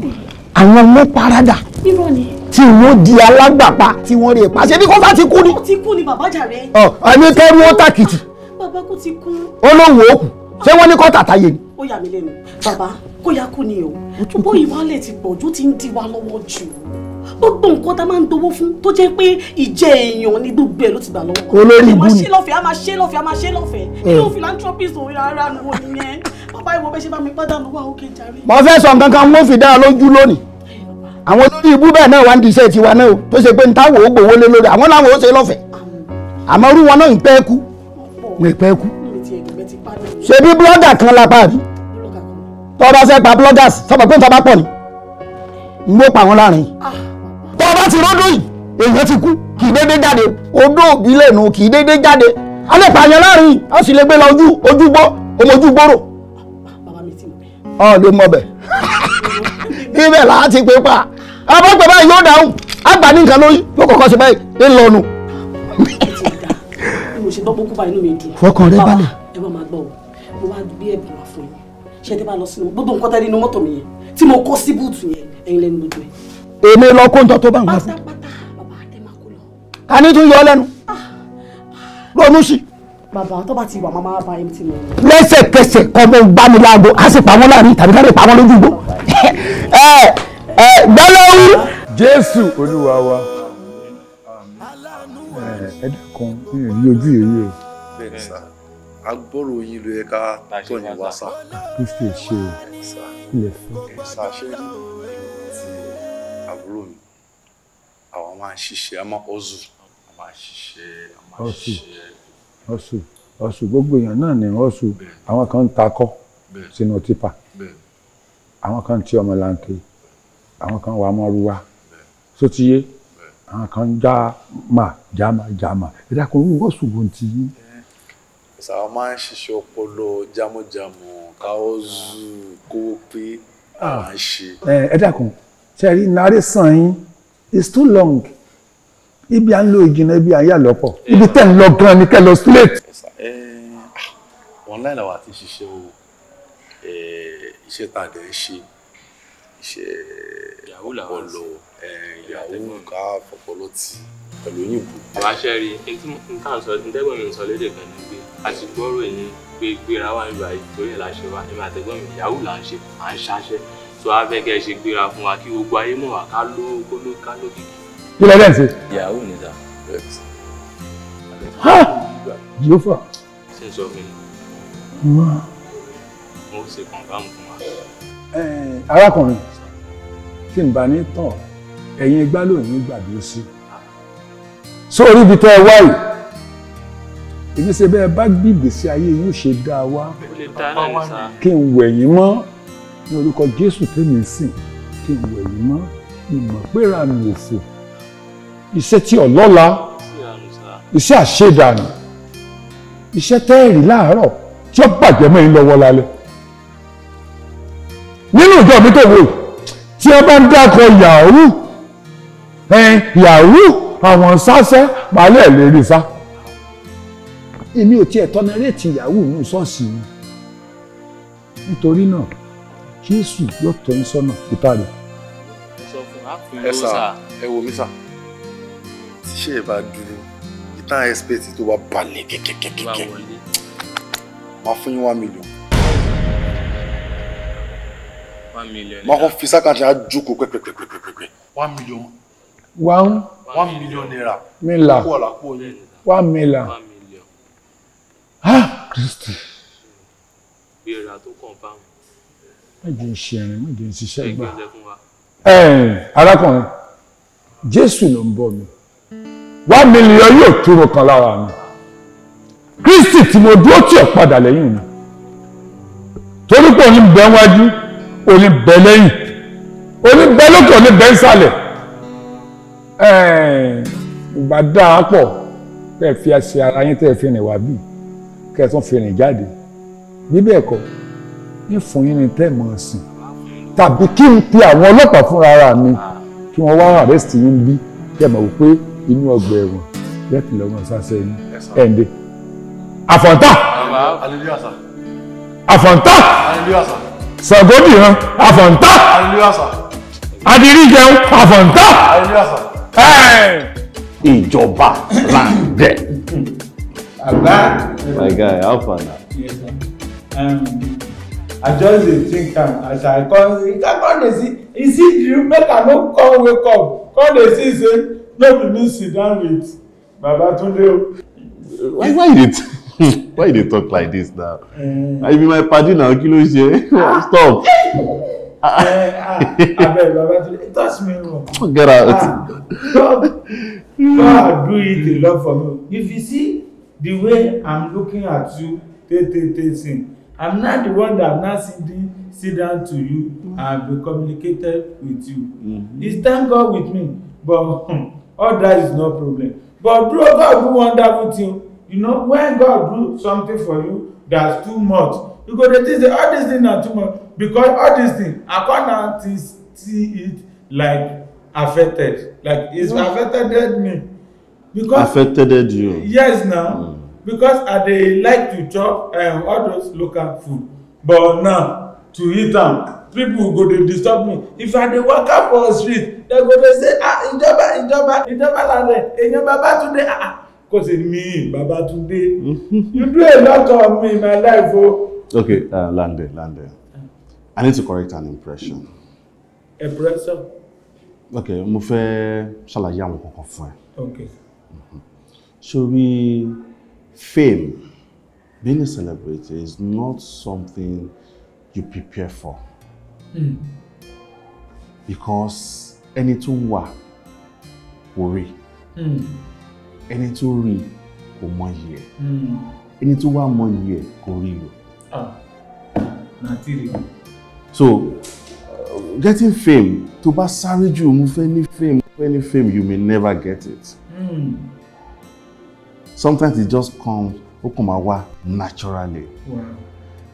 àwọn ọmọ parada tí wọ́n di alágbàpá tí wọ́n rí ipa ṣe bí kọ́sá ti kú ni. ó ti kú ni bàbá jà rẹ. ọ ẹni kẹrù ó tàkìtì. bàbá kò ti kú. olówó òkú ṣé wọ́n ní kọ́ tàtà yé ni. ó yà mí lẹ́nu bàbá kó yá kú ni o bóyá wàá lè ti pọ̀ ju ti ń di wa lọ́wọ́ jù gbogbo nǹkan tá a máa ń dowó fún tó jẹ́ pé ìjẹ́ èèyàn ni gbogbo ẹ̀ ló ti gbà lọ́wọ́. olórí ibu ni a máa ṣe lọ́fẹ̀ẹ́ a máa ṣe lọ́fẹ̀ẹ́ a máa òun rárá nu wo nìyẹn bàbá ìwọ bẹ́ẹ̀ ṣe bá mi gbọ́dọ̀ wà ókè jàre. mo fẹ́ sọ nǹkan kan mo fi dá a lójú lónìí àwọn olórí ibú bẹ́ẹ̀ náà wá ń di tiwa náà tó ṣe pé nta wò gbowó lé lórí àwọn làwọn ó ṣe lọ́fẹ̀ẹ́ àmọ́ ṣe pa blọ́gà sọ pé ń tọ́ bá pọ̀ ni ń gbó pa wọn láàrin ah bá ti rọ́dọ̀ yìí èèyàn ti kú kì í dédé jáde odó òbí lẹ́nu kì í dédé jáde alẹ́ pààyàn láàrin a sì lè gbé lọ ojú ojú gbọ́ ọmọ ojú gbòòrò. ọ lè mọ bẹ ibẹ̀ là á ti pé pa àbọ̀ pẹ̀ báyìí yóò dáhùn àgbà ní nǹkan lóyún yóò kọ́kọ́ sí báyìí ń lọnu. fọkàn rẹ balẹ̀. o mo wá gbé ẹ̀bùn wá fún yín ṣé ẹ ti bá lọ sínú gbogbo nǹkan tẹ́lẹ̀ inú mọ́tò mi yẹn tí mo kọ́ síbùtù yẹn ẹ̀yin lẹ́nu gbogbo ẹ̀ èmi lọ kó njọ tó bá nǹkan fún ká ní tún yọ ọ lẹ́nu ah. ronú sí. bàbá tó bá ti wà máa bá mt lọ. lẹ́sẹ̀kẹsẹ̀ kọ́ mo gbá mi láago a sì pa wọ́n láàrin tàbí ká lè pa wọ́n lójú igbó. Eh, eh, ẹ ẹ jésù olúwa wa eh, ẹ dákun mi ojú ìrírí o. agbóró yín ló yẹ ká tọyìn wá sá. kristi ṣe é ilẹ̀ fún àbúrò mi àwọn máa ń ṣiṣẹ́ a máa ọ̀zù a máa ṣiṣẹ́ a máa ṣiṣẹ́. ọ̀ṣù ọ̀ṣù gbogbo èèyàn náà ní ọ̀ṣù àwọn kan ń takọ́ sínú tipa àwọn kan ti ọmọ làǹkè àwọn kan wà á ruwa sotiye àwọn kan já mà já mà já mà ẹ dákun irú ọ̀ṣù wo ti yí. ìsàwọn máa ń ṣiṣẹ́ ọpọlọ jámọ́jámọ́ káwọ́ zuu kówó pé à ah. ń ṣe. ẹ dákun ṣẹ́rí narration yín is too long ibi à ń lo ìjìnà ibi à ń yà lọ́pọ̀ eh. ibi tẹ̀ ń lọ gan ni kẹ́ lọ straight. Eh, online làwọn àti ṣiṣẹ́ o eh, iṣẹ́ tá a dẹ̀ ń ṣe iṣẹ́ ọpọlọ ìyàwó ká fọpọlọ tì pẹ̀lú òyìnbó. àwọn aṣẹ́ rí i tí nǹkan sọ ǹdẹ́gbọ̀n mi sọ lédè kan ni pé a ti gbọ́rò yín pé gbéra wa ń lọ àyè torí ẹ̀ láṣẹ wa ẹ̀mí àtẹ̀gbọ́n mi ìyàwó là ń ṣe à ń ṣaṣẹ́ so a fẹ́ kẹ́ ẹ ṣe gbéra fún wa kí gbogbo ayé mọ̀ wá ká ló kó ló ká ló kìkì. kí lẹ́dẹ̀ ń ṣe. ìyàwó mi ta ha jehova. ṣe sọ fún mi. mo ṣe kọ̀ǹfàmù fún wa. arákùnrin tí n bá ní tàn ẹ̀yin igbá lónìí gbàdúró sí sórí ibi tẹ́ ẹ wá yìí èmi ṣe bẹ́ẹ̀ bá gbìgbèsí ayé yóò ṣe dá wa kí n wẹ̀yìn mọ́ ní orúkọ jésù tèmi ń sìn kí n wẹ̀ yìí mọ́ ìmọ̀péra nù òfò iṣẹ́ tí ọlọ́lá iṣẹ́ àṣedànù iṣẹ́ tẹ́ẹ̀rì láàárọ̀ tí ó bàjẹ́ mọ́ yín lọ́wọ́ lálẹ́ nínú ìjọ mi tó wò tí ẹ bá ń dákọ yahoo yahoo àwọn sáṣẹ́ balẹ̀ lè rí sá èmi ò tiẹ̀ tọ́nẹrẹ́tì yahoo nù ṣọ́ọ̀ṣì mi nítorí náà jésù yóò tọ́ yín sọ́nà ìta rẹ̀. ẹ sà ẹ wò mí sà tí ṣe é bá dúró ìta expect tó bá balẹ̀ kẹ́kẹ́kẹ́kẹ́ máa fún yín one million. one million. máa kọ́ fi sákàtì àjòkó pẹ́pẹ́pẹ́pẹ́pẹ́ one million. one. one million naira. mila one mila. ah kristi. bí ẹ̀rọ àtúnkàn bá wọn méje ń ṣe irin méje ń ṣiṣẹ́ gbà arákùnrin jésù ló ń bọ̀ mi wá mílíọ̀n yóò túrò kan lára mi kristi tí mo dúró tì ọ́ padà lẹ́yìn mi torí pé òní bẹ́ wájú òní bẹ́ lẹ́yìn òní bẹ́ lókè òní bẹ́ nsàlẹ̀ ìgbà dáa pọ̀ kẹ́ ẹ fi ẹsẹ̀ ara yín tẹ́ ẹ fi rìn wá bí kẹ́ tún fi rìn jáde bí bẹ́ẹ̀ kọ́ ìfún yín ni tẹ́ ẹ̀ mọ̀ sìn tàbí kí n pe àwọn ọlọ́pàá fúnra ara mi kí wọ́n wá àrẹ́sì yín bí kí ẹ mọ̀ wípé inú ọgbà ẹ̀wọ̀n lẹ́kì lọ́wọ́n sáṣẹ́ yín ẹ̀ǹdẹ̀ àfọ̀ǹtà àfọ̀ǹtà sàgódìran àfọ̀ǹtà adirijẹun àfọ̀ǹtà ìjọba làǹdẹ̀. Àgbà. My guy, how far now? Yes, sir. Um, i just dey think am as i come see i come dey see e see dream make i no come wake up come dey see say no be me sit down with babatunde o. why why you dey why you dey talk like this now um, i be my padi na kí ló ṣe ah. stop. Eh, ah, abeg babatunde touch me wrong. Oh, get out. Ah, God God do it a lot for me if you see the way i'm looking at you tey tey tey since I'm not the one that I'm not sitting sit down to you mm. and be communicated with you. Mm-hmm. It's thank God with me, but hmm, all that is no problem. But bro, God do wonderful thing. You know, when God do something for you, that's too much. You go dey think say all these things na too much because all this thing I come now to see it like affected, like it's mm. affected me. Because affected you. Yes, now. Mm because i dey like to chop um, all those local food but now to eat am people go dey disturb me if i dey waka for street dem go dey say ah ìjọba ìjọba ìjọba lare èèyàn babatunde ah kò sí mi babatunde you do a lot of me in my life o. Oh. okay uh, lande lande i need to correct an impression. impression. okay mo fẹ́ ṣàlàyé àwọn kankan fún ẹ. okay. Mm -hmm. sori. So, Fame, being a celebrity, is not something you prepare for. Mm. Because ẹni tó ń wà kò rí. Hmm. Ẹni tó rí kò mọyì ẹ̀. Hmm. Ẹni tó wà ah, So, uh, getting fame, to bá sáré jù, mo fame, mo fame, you may never get it. Mm sometimes it just comes ó naturally. Wow.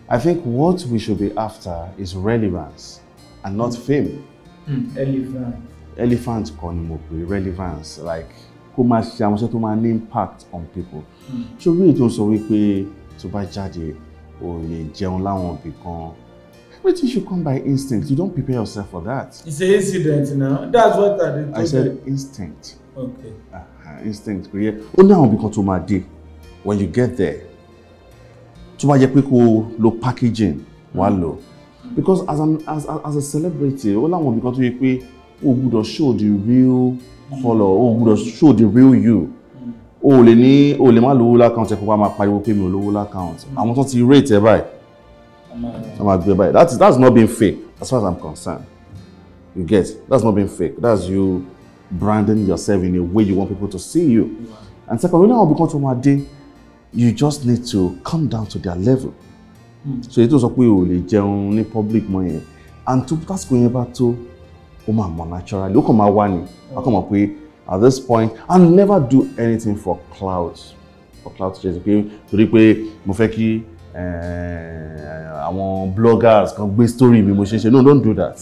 I think what we should be after is relevance and not hmm. fame. Mm. Elephant. Elephant kọ́ ni relevance like kó máa ṣe àwọn impact on people. Hmm. ṣórí èyí tó ń sọ wípé tó bá jáde o lè jẹun láwọn ibì kan everything should come by instinct you don't prepare yourself for that. it's an incident now that's what i dey i said instinct okay. uh, ah, ah, instinct kò yẹ ó ní àwọn ibìkan tó máa dé when you get there tó bá jẹ́ pé kó lo packaging wàá lò because as, an, as, as a celebrity ó láwọn ibìkan tó yẹ pé o gbúdọ̀ show the real colour o gbúdọ̀ show the real you o lè ní o lè má lówó lákàntì ẹ̀ kó bá máa pariwo pé mi ò lówó lákàntì hmm. àwọn tó ti rate ẹ báyìí tó máa gbé báyìí that not being fake as far as i'm concerned you get that's not being fake that's you branding yourself in a way you want people to see you. Wow. And second, when you become to one day, you just need to come down to their level. Mm. So it tó sọ pé o lè jẹun public money, and to tásìkò going bá tó ó máa mọ̀ naturally ó kàn máa wá ni come kàn mọ̀ at this point I never do anything for clout for clout chasing pé torí pé mo fẹ́ kí eh, àwọn bloggers kan gbé story mi mo ṣe ṣe no don't do that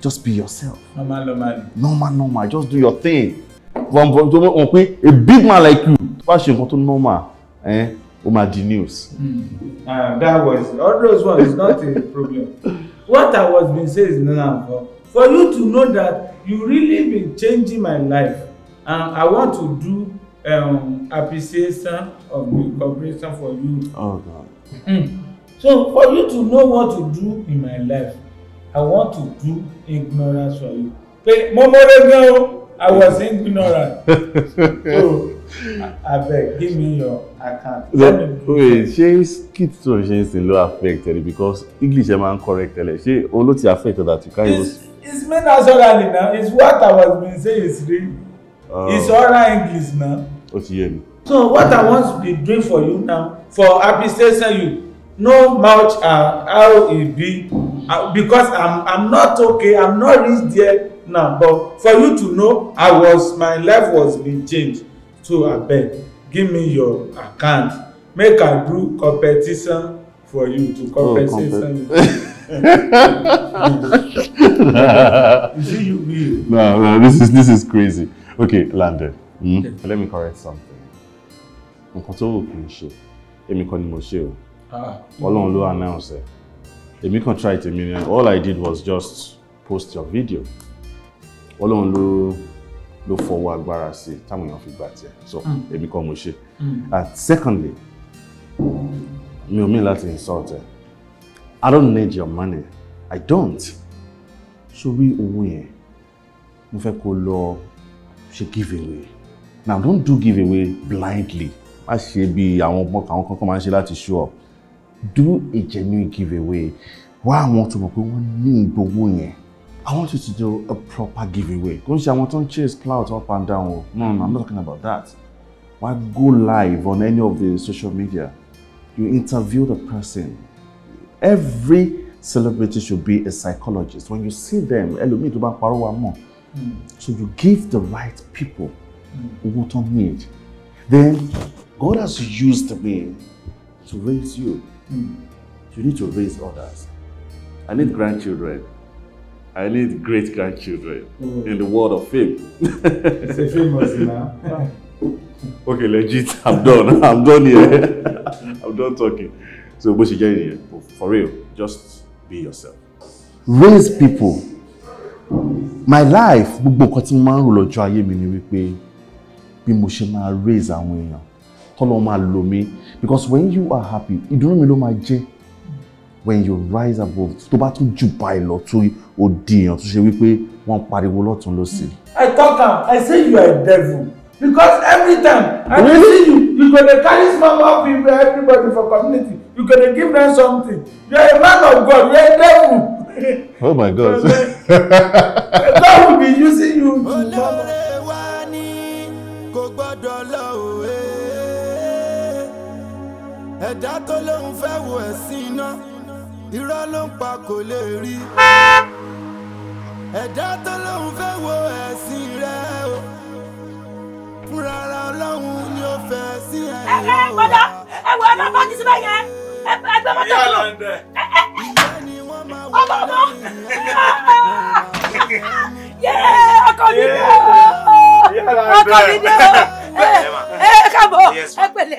just be yourself. normal normal. normal normal just do your thing. from from to mo pe a big man like you tó bá ṣe nǹkan tó normal eh, o ma di news. Mm. that was all those ones is not a problem. what i was been say is now for for you to know that you really been changing my life and i want to do um, appreciation of the cooperation for you. Oh, God. Mm. so for you to know what to do in my life I want to do ignorance for you. Pé mo mọ́rẹ́ gan o, I was ignorant. so abeg give me your account. Wait ṣé skit to ń ṣe ń sìn ló affect ẹ because English ẹ máa ń correct ẹ lẹ ṣé ti affect ọ that you can't use. It's me naturally na it's what I was been say is real. Um, it's oral English na. Ó ti yé mi. So what I want to be doing for you now for appreciation you no mouth ah how e be. Uh, because I'm, I'm not okay, I'm not reached there now. But for you to know, I was, my life was being changed. So abeg, give me your account. Make I do competition for you to oh, compensate oh, you. you No, no, this is this is crazy. Okay, Landon. Mm? Okay. Let me correct something. Nǹkan tó wù kì í ṣe. Èmi kọ́ ni mo ṣe o. Ah. Ọlọ́run ló announce ẹ̀ èmi kàn try it a ni all i did was just post your video ọlọ́run ló ló fọwọ́ agbára sí táwọn èèyàn fi gbà tiẹ̀ so hmm. èmi kọ́ mo ṣe hmm. and secondly mi ò mean láti insult ẹ i don't need your money i don't sórí owó yẹn mo fẹ́ kó lọ ṣe give away now don't do give away blindly má ṣe bí àwọn ọmọ àwọn kankan máa ń ṣe láti show up do a genuine giveaway wá àwọn tó mọ̀ pé wọ́n ní gbogbo yẹn I want you to do a proper giveaway kò ń ṣe àwọn tó ń chase clout up and down o no no I'm not talking about that wá go live on any of the social media you interview the person every celebrity should be a psychologist when you see them ẹlòmíì tó bá parọ́ wa mọ̀ so you give the right people owó tó need then God has used me to raise you. Hmm. You need to raise others. I need grandchildren. I need great grandchildren mm. in the world of fame. it's a famous now. okay, legit. I'm done. I'm done here. I'm done talking. So, bó ṣe jẹ́ nìyẹn, for real, just be yourself. Raise people. My life, gbogbo nǹkan tí mo máa ń rò lọ́jọ́ ayé raise àwọn èèyàn tọ́lọ́ máa lò because when you are happy ìdùnnú mi ló máa jẹ́ when you rise above tó bá tún jù báyìí lọ tó o di èèyàn tó ṣe wípé wọ́n pariwo lọ́tún lọ́sì. I talk am I say you are a devil because every time I really? see you you go dey carry small mouth with everybody for community you go dey give them something you are a man of God you are a devil. oh my God. God will be using you to. ẹ̀dá tó lóun fẹ́ wo ẹ̀sìn iná irọ́ ló ń pa kò lè rí ẹ̀dá tó lóun fẹ́ wo ẹ̀sìn rẹ o fúnra ara ọlọ́run ni ó fẹ́ sí ẹ̀yìn rẹ o. ẹ wọ ẹ má bọ́jú síbẹ̀ yẹn ẹ gbé mọ́tò kúrò ọmọ ọmọ ọkọ mi dé ọkọ mi dé ẹ káàbọ̀ ẹ pẹ̀lẹ́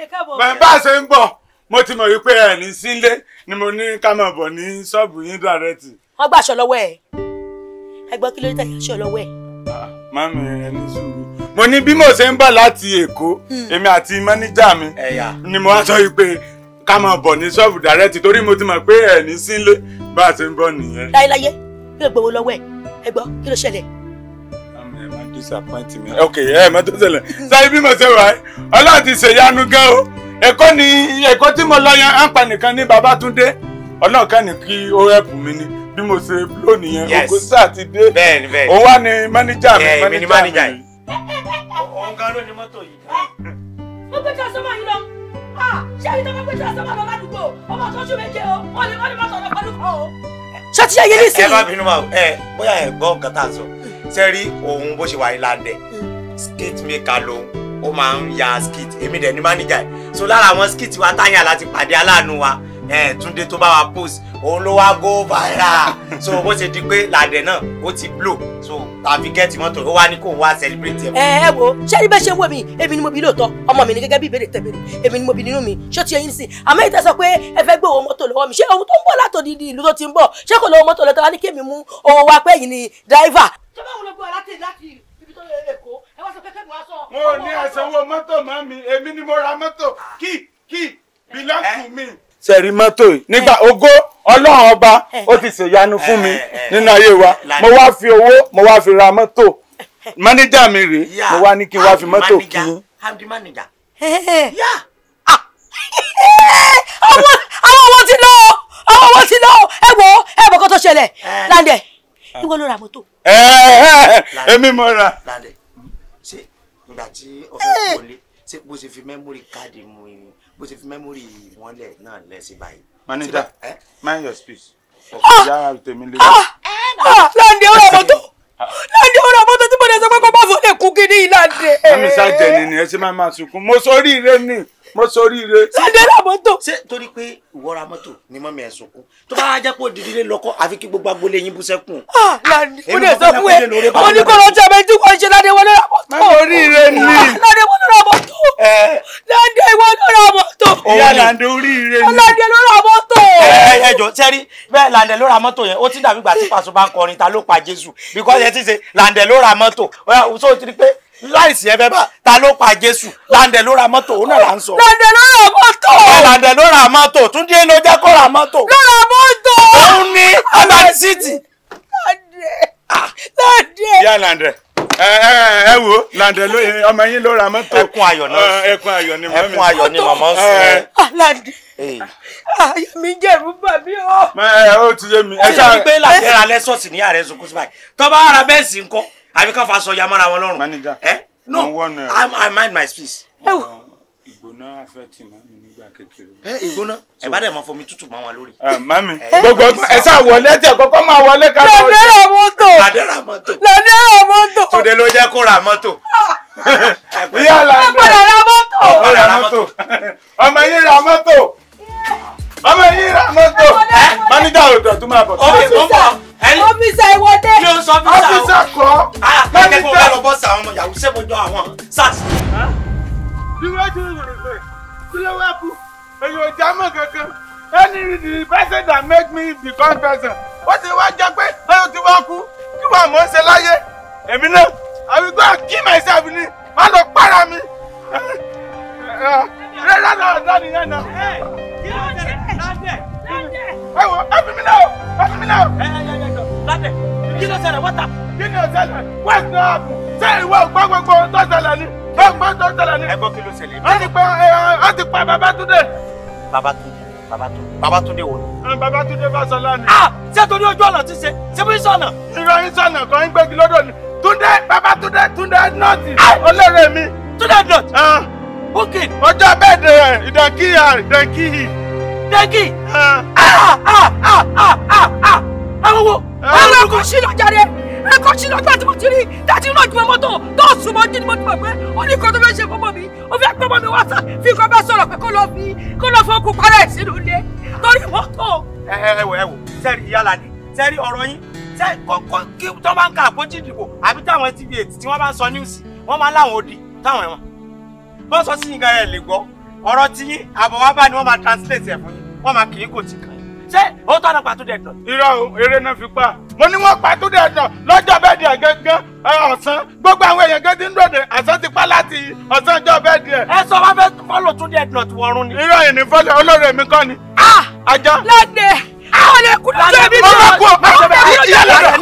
ẹ káàbọ̀. bá a ṣe ń bọ̀ mo ti mọ̀ wípé ẹ̀ ní sílé ni mo ní ká máa bọ̀ ní ṣọ́ọ̀bù yín dàrẹ́tì. wọ́n gbà aṣọ lọ́wọ́ ẹ̀ ẹ gbọ́ kí ló dé aṣọ lọ́wọ́ ẹ̀. Ah, mami ẹ ní sùúrù mo ní bí mo ṣe ń bọ̀ láti èkó hmm. èmi àti mánéjà mi ni mo wá sọ wípé ká máa bọ̀ ní ṣọ́ọ̀bù dàrẹ́tì torí mo ti mọ̀ pé ẹ̀ ní sílé bá a ṣe ń bọ̀ nìyẹn. láyéláyé bí o gbowó lọ́wọ́ ẹ̀ ẹ gbọ́ kí ló ṣẹlẹ̀ disappoint mi. ok ẹ mọ tó ṣẹlẹ̀ sáré bí mo ṣe wà ẹ Ọlọ́run ti ṣèyanu gan o Èkó ni Èkó tí mo lọ yan àǹpa nìkan ní Babátúndé Ọlọ́run kan ní kí ó rẹpù mi ni bí mo ṣe lò nìyẹn oko sáà ti dé òun wà ní mánìjà mi mánìjà mi. òun gan ló ní mọ́tò yìí. mo gbé tí a yìí lọ ṣé ibi tó bá gbé tí a lọ ládùúgbò ọmọ tó ṣú méje o wọ́n lè mọ́tò ọ̀dọ́ pẹ̀lú kan o. ṣé ti ṣe yé nísìnyí. ẹ má bínú ma ẹ bóyá ẹ gbọ́ nǹkan sọ sẹ́rí òun bó ṣe wà ìlànà hmm. skit maker lòun ó máa ń ya skit èmi dẹ̀ ní mánìjà ẹ̀ so lára àwọn skit wa táyà láti pàdé aláàánú wa túnde tó bá wa post òun ló wá go viral so bó ṣe di pé làdẹ̀ náà ó ti blow so tàbí gẹ́ẹ̀tì mọ́tò ó wá ní kó wá celebrate ẹ̀. ẹ ẹ wo ṣé ẹni bẹ́ẹ̀ ṣe wò mí èmi ni mo bí lóòótọ́ ọmọ mi ni gẹ́gẹ́ bí ìbéèrè tẹ̀bẹ̀rẹ̀ èmi ni mo bí nínú mi ṣé ti yẹn sìn àmọ́ ìtẹ́ sọ pé ẹ fẹ́ gbé owó mọ́tò lọ́wọ́ mi ṣé ohun tó ń bọ̀ látòdì ìlú tó ti ń bọ̀ ṣé kò lówó mọ́tò lọ́tọ́ wá ní kémi mú owó wa pé yìí ni driver. ṣé báwo ló gbọ́ láti láti ibi tó lè èkó ẹ wá sọ pé kẹ́kọ̀ọ́ aṣọ. wọn ò ní àsanwó mọ́tò mọ́ mi èmi ni mo ra mọ́tò kí kí belong to me. sẹ́ẹ̀rí mọ́tò nígbà ogó ọlọ́run ọba eh. ó ti ṣèyanu fún mi eh, eh, nínú ayé wa mo wá fi owó mo wá fi ra mọ́tò mánéjà mi rèé mo wá ní kí n wá fi mọ́tò kí n. Ah. àwọn ọmọ ti lọ àwọn ọmọ ti lọ ẹ wò ẹ bọ̀ kó tó ṣẹlẹ̀ láǹdẹ̀ ìwọ ló ra mọ́tò. èmi mo ra. láǹdẹ̀ ṣe ìgbà tí ọ̀fẹ́ kò lé ṣe bó ṣe fi mẹ́mórì káàdì mu bó ṣe fi mẹ́mórì ìwọ́lẹ̀ náà lẹ̀ báyìí manager eh? mind your speech ah! ọkọ yàrá tèmi lè. láǹdé ó ra mọ́tò láǹdé ó ra mọ́tò tí mo lè sọ pé kó má fọ́ lè kú kí ní ìlànà. mami ṣàjẹ ni ni ẹ ṣe máa máa sunkún mo sọ oríire ni mo sọ oríire. láǹdé ra mọ́tò. ṣé torí pé ìwọ ra mọ́tò ni mọ́mí ẹ̀ sunkún tó bá jẹ́ pé òdìdí lé lọ́kọ́ àfi kí gbogbo agboolé yín bú sẹ́kùn. láǹdé ó lè sọ fún ẹ mo ní kó lọ jẹ́ abẹ́jú kan ṣe láǹdé wọlé mọ́tò. oríire ni. ọlọ́dẹ mo ló ra mọ́tò. lọ́dẹ ìwọ ló ra mọ́tò. ìyá làǹdẹ oríire ni. ọlọ́dẹ ló ra mọ́tò. ẹ ẹ jọ sẹ́rí bẹ́ẹ̀ Lande, ló ra mọ́tò yẹn ó ti dàbí ìgbà tí pàṣẹ bá ń kọrin ta ló pa Jésù because ẹ ti ṣe làǹdẹ ló ra mọ́tò so ti ri pé láìsí ẹ̀bẹ̀ bá ta ló pa Jésù Lande, ló ra mọ́tò òun náà là ń sọ. láǹdẹ ló ra mọ́tò. ọ̀rẹ́ láǹdẹ ló ra mọ́tò Túndé ló jẹ́ kó ra mọ́tò. ló ra mọ́tò. òun ni abadi city. láǹdẹ. Lande. yá láǹdẹ. ẹ wo làǹdẹ ló ọmọ yin ló ra mọ́tò ẹkún ayọ̀ náà ẹkún ayọ ni màmá ẹkún ayọ̀ ni màmá ń sùn. aládé àyà mi jẹ̀rú bà o. ẹ ó ti yé mi. ẹ ṣe àgbẹ̀ làkẹ́ra lẹ́sọ̀sì ní ààrẹ sunkún síbáyì tọ́ba ara bẹ́ẹ̀ sì ń kọ́ àbí ká fa ya mọ́ra wọn lọ́rùn. manager no i mind my speech. ìgbóná afẹ́ tì mọ́ mi. ẹ ìgbóná ẹ bá dẹ̀ mọ fomi tútù mọ́ wọn lórí. Ah, mami gbogbo ẹ sá wọlé tẹ kọ́kọ́ máa wọlé ká lọ. lọ́dẹ́ ra mọ́tò lọ́dẹ́ ra mọ́tò lọ́dẹ́ ra mọ́tò. tòde ló jẹ́ kó ra mọ́tò. ìyá la ń bọ̀ ọmọ ra mọ́tò ọmọ yìí ra mọ́tò ọmọ yìí ra mọ́tò mọ́nídà òdò tó máa bọ̀. ọ́fíìsà ìwọ́dẹ ọ́fíìsà kọ́ mọ́nídà. akẹ́kọ̀ọ́ bá lọ bọ́ sàwọn ọmọ yahoo sẹ́kọ̀ọ́ jọ àwọn sars kí ló èyí ò já mọ́ kankan ẹni the person that make me become person ó ti wá jẹ́ pé ó ti wá kú kí wàá mọ̀ ń ṣe láyé èmi náà àbí gbọ́ kí myself ni má lọ para mi rẹ́rẹ́ náà dáni yẹn náà. kí ló ń tẹ̀lé ládẹ̀. ẹ wo ẹ fi mi náà ẹ fi mi náà. ẹ ẹ ẹ ẹ ládẹ̀ kí ló ṣẹlẹ̀ wọ́tà. kí ló ṣẹlẹ̀ west náà àbùn ṣé ìwọ ògbọ́n gbogbo ohun tó ṣẹlẹ̀ ni gbọ́n tó ṣẹlẹ̀ ni. ẹgbọ́n kí ló ṣẹlẹ̀. wọ́n ti pa wọ́n ti pa Babátúndé. Babátúndé Babátúndé Babátúndé wo ni. Babátúndé Fáṣọlá ni. ah ṣé torí ojú ọ̀nà ti ṣe ṣé bí sọ̀nà. ìrọ̀yìn sọ̀nà kan ń gbégi lọ́dọ̀ ni Túndé Babátúndé Túndé nọ́ọ̀tì olóore mi. Túndé nọ́ọ̀tì. Ah! bukid. ọjọ́ bẹ́ẹ̀ dẹ̀ ìdàkì àwọn wo àwọn ẹ̀kọ́ sí lọ jáde ẹ̀kọ́ sí lọ gbà tí mo ti rí dájú náà ju mọ́tò tó sùn mọ́ jíni mo ti mọ̀ pé ó ní kó tó fẹ́ ṣe fọmọ mi ó fẹ́ pẹ́ mọ́ mi wá sá fi kọ́ bá sọ̀rọ̀ pé kó lọ fi kó lọ fọ́ okùn parẹ́ sínú ilé torí mọ́tò. ẹ ẹ wò ẹ wò sẹ́ẹ̀rì yálà ni sẹ́ẹ̀rì ọ̀rọ̀ yín sẹ́ẹ̀rì kọ́kọ́ kí tó bá ń ka àpótí ìdìbò àbí táwọn tv eight tí wọ́n bá ń sọ news wọ́n máa ń láwọn odi táwọn ẹ̀wọ̀n bó sọ sí yín gan ẹ̀ lè gbọ́ ọ̀rọ̀ tí yín àbọ̀ wá bá ṣé ó tọ́nà pàtó dẹ̀ tán. irọ́ o eré náà fi pa mo ní wọ́n pàtó dẹ̀ tán lọ́jọ́ bẹ́ẹ̀ di ẹ̀gẹ́gẹ́ ọ̀sán gbogbo àwọn èèyàn gẹ́gẹ́ ń dòde àṣà ti pa láti ọ̀sán ọjọ́ bẹ́ẹ̀ di ẹ sọ wá fẹ́ fọ́lọ̀ tún dẹ̀ tán wọ̀run ni. irọ́ ìní fọ́lọ̀ olóore mi kọ́ ni. Ah! ajá. lọ́dẹ̀ àwọn ẹ̀kú lọ́dẹ̀ mi. mo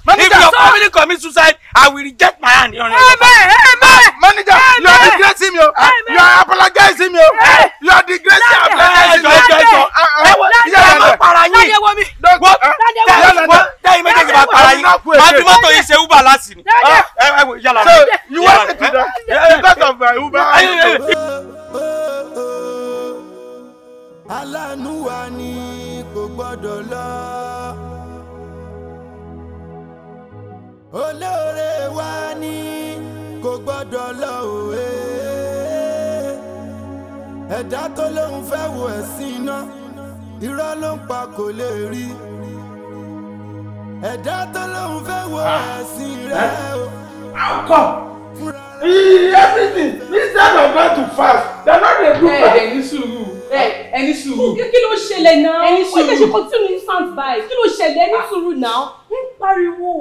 Manager, if your family commits suicide, I will reject my hand. Amen. Amen. Ah, manager, you are disgracing me. Oh. Ah, you are apologizing me. Oh. Ah, you are disgracing me. Apologizing me. Ìyá ẹ̀ máa para yín. Láyé wọ́n mi. Wọ́n tẹ́yìn méjèèjì máa para yín. Máa fi mọ́tò yìí ṣe Uber lásì ni. Yàrá mi. So you want me to die because of my uh, Uber. Alánú wa ni kò gbọ́dọ̀ lọ. olóore wa ni kò gbọdọ lọ òwe ẹ̀dá tó lóun fẹ wò ẹ̀ sí iná irọ́ ló ń pa kò lè rí ẹ̀dá tó lóun fẹ wò ah, ẹ̀ sí eh, rẹ̀ o. everything instead of that to fast eh, eh. they no dey do fast. ẹ ẹni sùúrù ẹni eh, sùúrù. kí ló ṣẹlẹ̀ náà ẹni sùúrù wọ́n ṣe continue instant buy kí ló ṣẹlẹ̀ ẹni sùúrù náà ń pariwo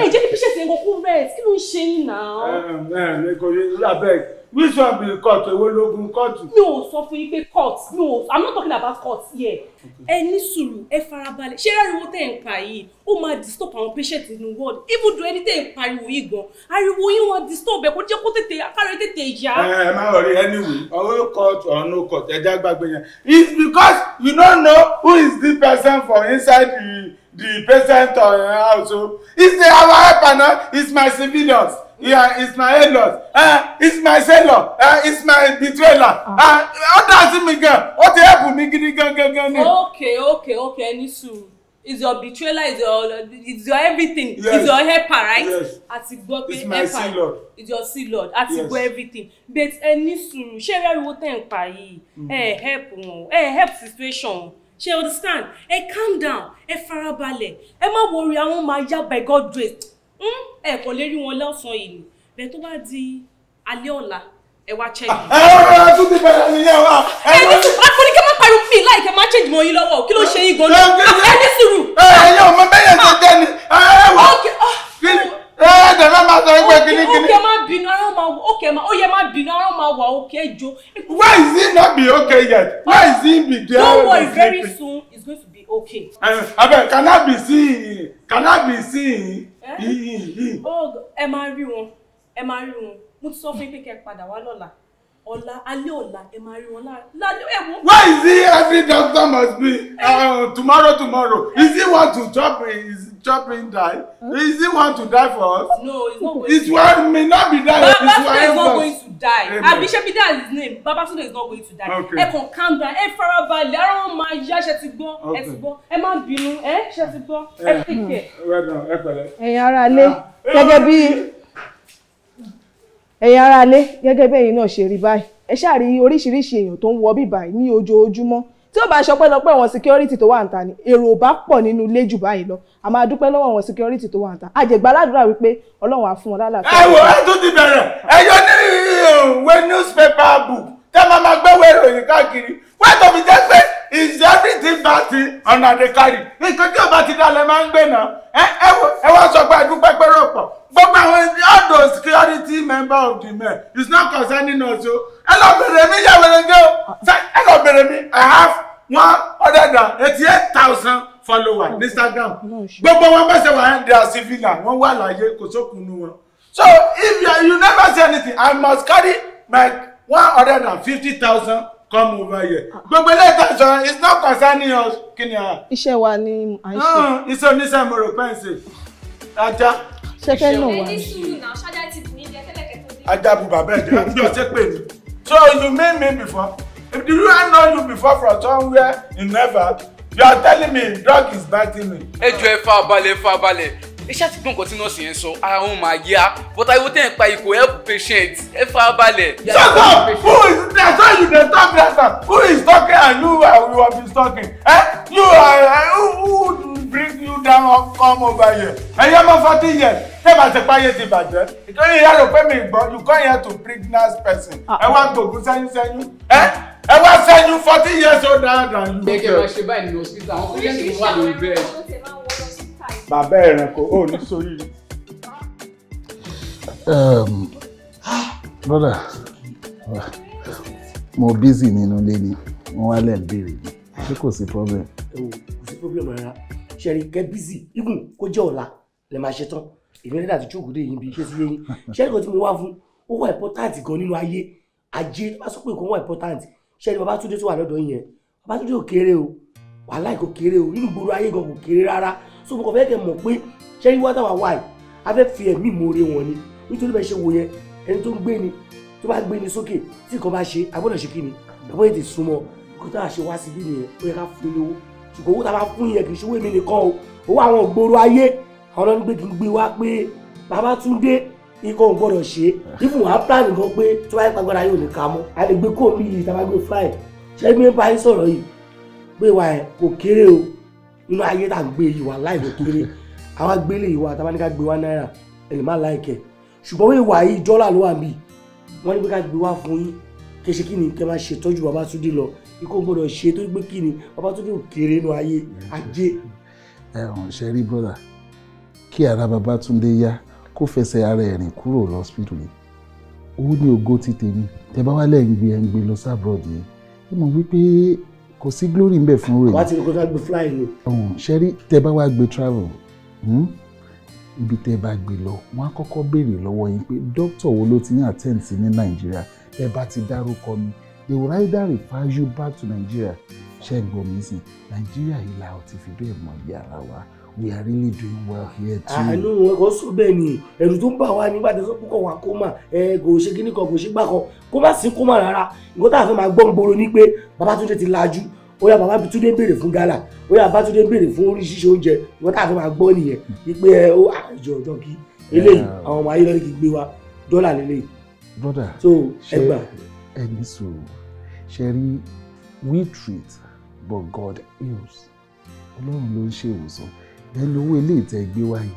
ẹ jẹ́ kí patient yẹn kó kú rest kí ló ń ṣe yín náà. ẹ ẹ ẹ kò yẹ abeg Which one be the court owó lógun court. mi ò sọ fún yín pé court mi ò i'm not talking about court here. ẹ ní sùúrù ẹ farabalẹ̀ ṣé ariwo tẹ̀ ń pa yìí ó máa disturb àwọn patient inú ward ibùdó ẹni tẹ̀ ń pariwo yìí gan ariwo yìí wọn disturb ẹ kó jẹ́ kó tètè akárẹ̀ tètè yá. ẹ má wọrí anyway ọwọ́ court or no court ẹ já gbàgbé yẹn it's because you don't know who is this person for inside the the patient uh, house o it's the our helper now it's my civilians yeah, it's my headless uh, eh, it's my sailor uh, it's my betrayer. Ah. Ah, ó dá sí mi gan ó ti help mi gidi gan gan gan okay okay okay Any sùn is your betrayer? is your is your everything yes. is your helper right yes. àti gbọ́ pé helper is your sea lord àti yes. go everything but any sùn ṣé ẹ ariwo tẹ̀ ń pa mm-hmm. eh, help wọn ẹ help situation She understand ẹ calm down ẹ farabale. ẹ má worry àwọn my job. by God grace Hmm? ẹ kò lè rí wọn lọ́sàn-án yìí bẹ́ẹ̀ tó bá di alẹ́ ọ̀la ẹ wá change. ẹ ẹ tún ti bẹ̀rẹ̀ nìyẹn wa. ẹ ní sùn a fún ní kí wọ́n pariwo mi láìka máa change mọ́ yín lọ́wọ́ kí ló ṣe yín gan-an ẹ ní sùúrù. ẹ ẹ yóò mọ bẹ́ẹ̀ yẹn tó jẹ́ ni ẹ wọ ah, ah, ẹ ẹ dẹ̀rẹ̀ máa sọ ẹgbẹ́ kìnnìkìnnì. ó kẹ́ máa bínú ara máa wọ ó kẹ́ máa ó yẹ máa bínú ara máa wọ òkè jo. why is he not be okay yet why is he be there. don't worry very soon it's going to be okay. abẹ can I be seen can I be seen. ẹ máa rí wọn ẹ máa rí wọn mo ti sọ fún ọ̀la alẹ́ ọ̀la ẹ máa rí wọn lálẹ́ ẹ̀wọ̀n. where is he every doctor must be uh, tomorrow tomorrow is he want to chop is chop him die hmm? is he want to die for us. no it's not going his to die. his wife may not be die. Sunday is not going to die abi ṣebí that is his name Sunday is not going to die. ẹ kàn calm down ẹ farabalẹ̀ ara wọn máa yá ṣe ti gbọ́ ẹ ti gbọ́ ẹ má bínú ẹ ṣe ti gbọ́ ẹ fi eh, kẹ̀. Hmm. ẹ̀yin ará ilé ah. gẹ́gẹ́ bíi ẹ̀yin aráalé gẹ́gẹ́ bẹ́ẹ̀ yín náà ṣe rí báyìí ẹ ṣáà rí oríṣiríṣi èèyàn tó ń wọ bíbáyìí ní ojoojúmọ́ tí ó bá ṣọpẹ́ lọ́pẹ́ àwọn security tó wà ń ta ni èrò bá pọ̀ nínú ilé jù báyìí lọ a máa lọ́wọ́ àwọn security tó wà ń ta àjẹgbà aládùúrà wípé ọlọ́run á fún wọn lálàáfíà. ẹ wo ẹ tún ti bẹ̀rẹ̀ ẹ yọ ní ìwé newspaper book tẹ́ máa máa gbẹ́wò ìròyìn káàkiri wọ́n tó fi jẹ́ pé is everything bàtì ọ̀nà àdékárì nǹkan tí ò bá ti dalẹ̀ máa ń gbé náà ẹ wọ́n sọ pé a pẹ́rọ̀ pọ̀ gbogbo àwọn all those security member of the men is not concerning us o ẹ lọ bèrè mi yà wẹrẹ gẹ o ẹ lọ bèrè mi i have one hundred and eighty-eight thousand followers ní instagram gbogbo wọn bẹ́sẹ̀ wà ní their civilian wọ́n wà láàyè kò sókùnú wọn so if you, you never say anything i must carry my one hundred and fifty thousand come over here. Gbogbo ilé ìtajà is not concerning us. Kí ni a? Iṣẹ́ wa ni à ń ṣe. Iṣẹ́ oníṣẹ́ mo rò pé Ajá ṣẹfẹ náà wà. ẹni sùúrù náà ṣáájà jẹ tẹ́lẹ̀ kẹtọ́ dé. ajabu so you meet me before if you I know you before from somewhere in never you are telling me drug is biting me. ẹ jọ ẹ fa balẹ̀ fa balẹ̀ iṣẹ́ àti gbọ̀ngàn tí nọ́ọ̀sì yẹn sọ ara wọn máa yá but ariwo tẹ̀ ń pa ikọ̀ help patient ẹ fara balẹ̀. shut up who is there so you dey talk like that who is talking and you are you are be talking eh? you are uh, who, who bring you down come over here. ẹ̀yẹ́ mọ́ 40 years tẹ́ bá ti páyé ti bàjẹ́. ìtòrí ìyá rò pé mi gbọ́ you come here to bring pregnant person. I want to. ẹ wá you? Eh? I want to send you 40 years older than down you. gbẹ̀gẹ̀ máa ṣe in ní hospital àwọn kúrẹ́sì ń wà lórí bẹ́ẹ̀. Oh, ẹ̀rànkò ò ní sórí. Um, brother more busy than ilé ni wọ́n wá lẹ́ẹ̀ béèrè ṣé kò problem. Oh, wò kò problem rárá ṣẹ̀rí kẹ́ bízì igun kó jẹ́ ọ̀la lè máa ṣe tán èmi rẹ́dà tó jókòó dé yìí bí iṣẹ́ sí yẹn ṣẹ́rí kan tí mo wá fún ó wà important gan nínú ayé ajé bá sọ pé kò wà important ṣẹ́rí Babátúndé tó wà lọ́dọ̀ yẹn Babátúndé ò kéré o wàhálà kò kéré o nínú gbòòrò ayé gan kò kéré rárá so mo kàn fẹ́ kẹ́ mọ̀ pé ṣẹ́rí wá táwa wà yìí a fẹ́ fi ẹ̀mí ìmoore wọn ni nítorí bẹ́ẹ̀ ṣe wò yẹn ẹni tó ń gbé ni tó bá gbé ni sókè tí nǹkan bá ṣe agbọ́dọ̀ ṣe kí ni àbọ̀ ètè súnmọ́ nǹkan tó àṣewá sí bí nìyẹn ó yẹ ká ṣùgbọ́n tá a bá fún yẹn kì í ṣe owó èmi nìkan o owó àwọn ògbóró ayé àwọn ọlọ́ni gbé gbé wá pé Babátúndé ikọ̀ òun gbọ́dọ̀ ṣe é ibùn wá plan gan pé tí wáyé pàgbára yóò ní ká mọ́ a lè gbé kóòmù yìí tá a bá gbé fly ṣé mi bá yín sọ̀rọ̀ yìí pé wà ẹ̀ kò kéré o inú ayé tá à gbé yìí láì kò kéré àwọn agbélé yìí tá a bá ní ká gbé wá náírà ẹ̀ lè má láì kẹ̀ ṣùgbọ́n wíwà yìí jọ́là ló wà níbí wọ́n ní pé ká gbé wá fún yín kẹ ṣe kí ni kẹ máa ṣètọ́jú Babátúndé lọ ikú gbọ́dọ̀ ṣe tó gbé kí ni Babátúndé ò kéré nu ayé ajé. ẹ ọ̀n ṣe rí brọ́dà kí ara Babátúndé yá kó fẹsẹ̀ ara ẹ̀ rìn kúrò lọ́sípítù yìí ó ní ògo ti tèmi tẹ bá wà lẹ́yìn gbé ẹ̀ ń gbé lọ sábrọ̀d yìí ẹ mọ̀ wípé kò sí glory ńbẹ fún rẹ̀. wá ti kó ká gbé fly ni. ọ̀hún ṣe rí tẹ bá wá gbé travel hmm? ibi tẹ bá gbé lọ wọn á kọ́kọ́ béèrè lọ́wọ́ yín pé dókítà wo ló ti ń attend sí ní Nàìjíríà bẹ́ẹ̀ bá ti dárúkọ mi they will either refer you back to Nigeria ṣẹ́gbọ́n mi sìn Nigeria yìí la ti fi bẹ́ẹ̀ mọ̀ bí ara wa we are really doing well here too. àánú ah, wọn kò sọ bẹ́ẹ̀ ni ẹ̀rù tó ń bà wá nígbà tó sọpọ kọ wá kó mà ẹ kò ṣe kíní kan kò ṣe gbà kan kó má sí kó mà rárá nǹkan tá a fẹ́ máa gbọ́ ń gbòòrò ni pé Babátúndé ti lajú ó yá Babátúndé béèrè fún gálà ó yá Babátúndé béèrè fún oríṣiríṣi oúnjẹ nǹkan tá a fẹ́ máa gbọ́ nìyẹn wípé ẹ ó àjọ ah, ọjọ́ kí eléyìí àwọn ọmọ ayélujára kì í gbé wa dọ́là lélẹ́yìí brother so ẹgbà ẹni sòrò ṣe we treat but God heals ọlọ́run ló ń ṣe ìwòsàn ẹni owó ilé ìtẹ́ gbé wáyé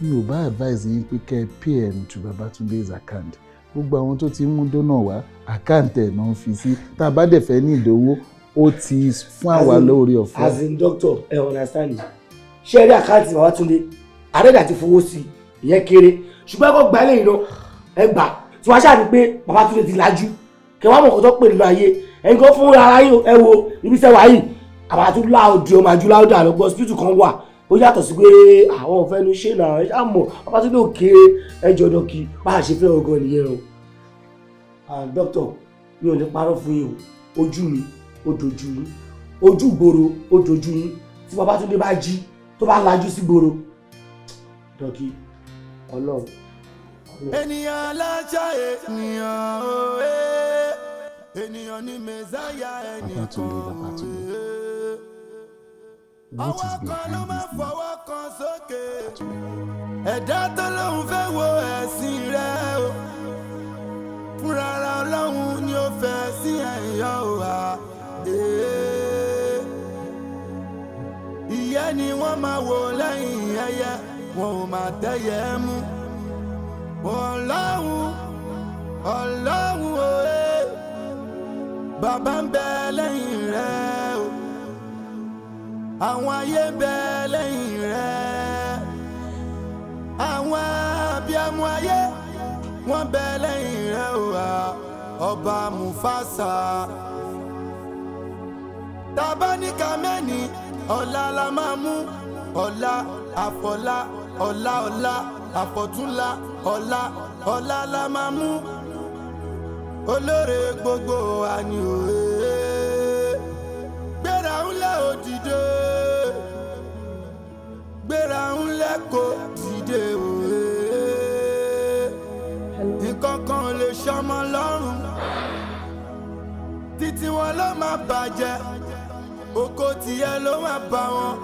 mi ò bá advice yín pé kẹ́ pm to Babatunde's account gbogbo àwọn tó ti mú dọ́nà wá account ẹ̀ náà fi sí tá a bá dẹ̀ fẹ́ ní ìdówó ó ti fún àwa lórí ọ̀fẹ́. as in doctor ẹ understand ṣé rí àkáǹtì Babatunde àrẹ́dà ti fowó sí ìyẹn kéré ṣùgbọ́n ẹ kọ́ gbalẹ̀ ìran ẹ gbà tí wàá ṣàrí pé bàbá Túndé ti lajú kẹ wàá mọ̀ kọ́ tó pè nínú ayé ẹ̀yin kan fún ara yín ẹ wo ibi sẹ́wàá yìí àbàtà tó láòdì ọmọ àjú láòdì àlọ́gbọ́ hospital kan wà ó yàtọ̀ sí pé àwọn ọ̀fẹ́ ló ṣe náà ẹ ṣáà mọ̀ bàbá Túndé òkè ẹjọ́ dọ́kì bá a ṣe fẹ́ ọgọ́ nìyẹn o dókítà mi ò ní parọ́ fún yín o ojú mi ó dojú yín ojú ìgboro ó dojú yín tí bàbá Túndé bá jí tó bá lajú sí ìgboro dọ́kì ọlọ́run ènìyàn alájà ènìyàn òwe ènìyàn ní mẹ́sáyà ẹnìkan òwe ọwọ́ kan ló máa fọwọ́ kan sókè ẹ̀dá tó lóun fẹ́ wo ẹ̀sìn rẹ o fúnra ọlọ́run ni ó fẹ́ sí ẹ̀yọ́ wa ìyẹn ni wọ́n máa wò lẹ́yìn ẹyẹ wọn ò máa tẹ́yẹ mú ọlọ́run ọlọ́run òye bàbá ń bẹ lẹ́yìn rẹ o àwọn ayé ń bẹ lẹ́yìn rẹ àwọn abiyamọ ayé wọ́n bẹ lẹ́yìn rẹ o ọba mufasa tabaníkà mẹ́ni ọ̀la la máa mú ọ̀la àfọ̀la ọ̀la ọ̀la àfọ̀túnla ọ̀la ọ̀la la máa mú olóore gbogbo àní òye gbéra ńlẹ̀ òdìdé gbéra ńlẹ̀ kò dìde òye nǹkankan lè ṣọmọ lọ́rùn títí wọn ló máa bàjẹ́ oko tìyẹ ló máa bá wọn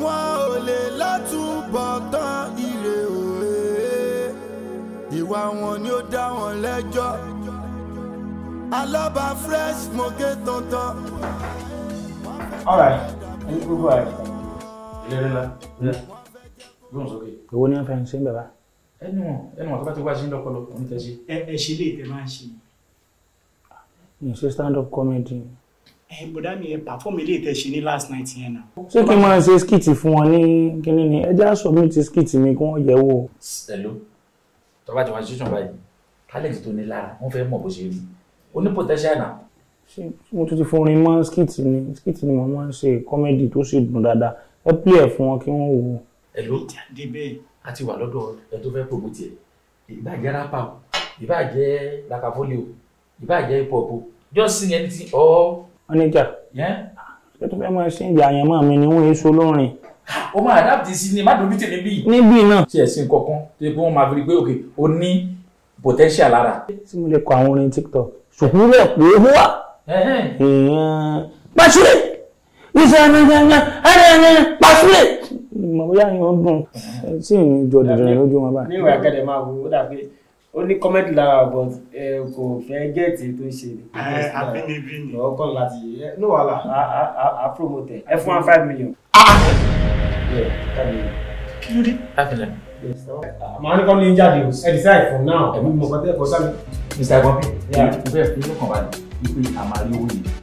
wọn ò lè látúbọ̀ tán ire òwe ìwà wọn ni ó dá wọn lẹ́jọ́ alábà fresh moge tuntun. ọ̀rẹ́ ni wọn fẹ́ ṣe ń bẹ̀rẹ̀. ẹnu wọn ẹnu wọn tó bá ti wá sí lọpọlọ òun tẹ sí. ẹ ṣe lè tẹ máa ṣe. mi stand up comedy ẹ eh, bọ̀dá mi ẹ pàfọ́ọ̀mù ilé ìtẹ̀ ṣe ní last night yẹn náà. ṣé kí n máa ṣe skiti fún wọn ní kínní ni ẹ jẹ́ àṣọ mi ti skiti mi kí wọ́n yẹ̀ wò. hello tó bá ti wọn ṣíṣàn báyìí talent tó ní lára wọn fẹ́ mọ̀ bó ṣe rí o ní potential náà. ṣé mo tún ti forin mọ́ skiti ni skiti ni mo máa ń ṣe kọ́mẹ́dì tó sì dùn dáadáa ẹ pílẹ̀ ẹ̀ fún wọn kí wọ́n wò. hello jáde bẹ́ẹ̀ a ti wà lọ́dọ̀ ẹ tó fẹ́ promote ẹ̀ ìbàjẹ́ rapa o ìbàjẹ́ lakafólì o ìbàjẹ́ hip hop o just sing anything or oníjà ṣé tó fẹ́ máa ṣe ìjà yẹn mọ́ mi ni wọ́n èso lórin. ó máa adapt sí ni má dojú tèmi bí. níbí náà. ṣe ẹ̀sìn kankan tó yẹ kó wọ́n máa fi rí pé òkè ó ní potential lára. tí mo lè kọ àwọn orin tiktok ṣùgbọ́n rẹ̀ pé ó wà. pàṣẹ iṣẹ́ ẹ̀ẹ́dẹ́gbẹ́ ẹ̀ẹ́dẹ́gbẹ́ pàṣẹ. mo bóyá yẹn ó dùn sí ìjọ dìdìrín lójú wọn báyìí. níwèé akẹ́dẹ̀ máa wù ú dàbí ó ní kọ́mẹ́dì lára but kò fẹ́ gẹ́ẹ̀tì tó ń ṣe ni. àbínibí ni. ọkọ láti yẹ ní wàhálà a promote ẹ fún one ah! five million. kí ló dé. Ah, màá ní kọ́ ní jáde o ẹ decide for now ẹ̀mí mi ò kọ́ tẹ́ ẹ̀kọ́ sámi. mr ẹ̀gbọ́n bí ẹ bẹ́ẹ̀ fi lọ́kàn balẹ̀ wípé àmàlẹ́ owó yìí.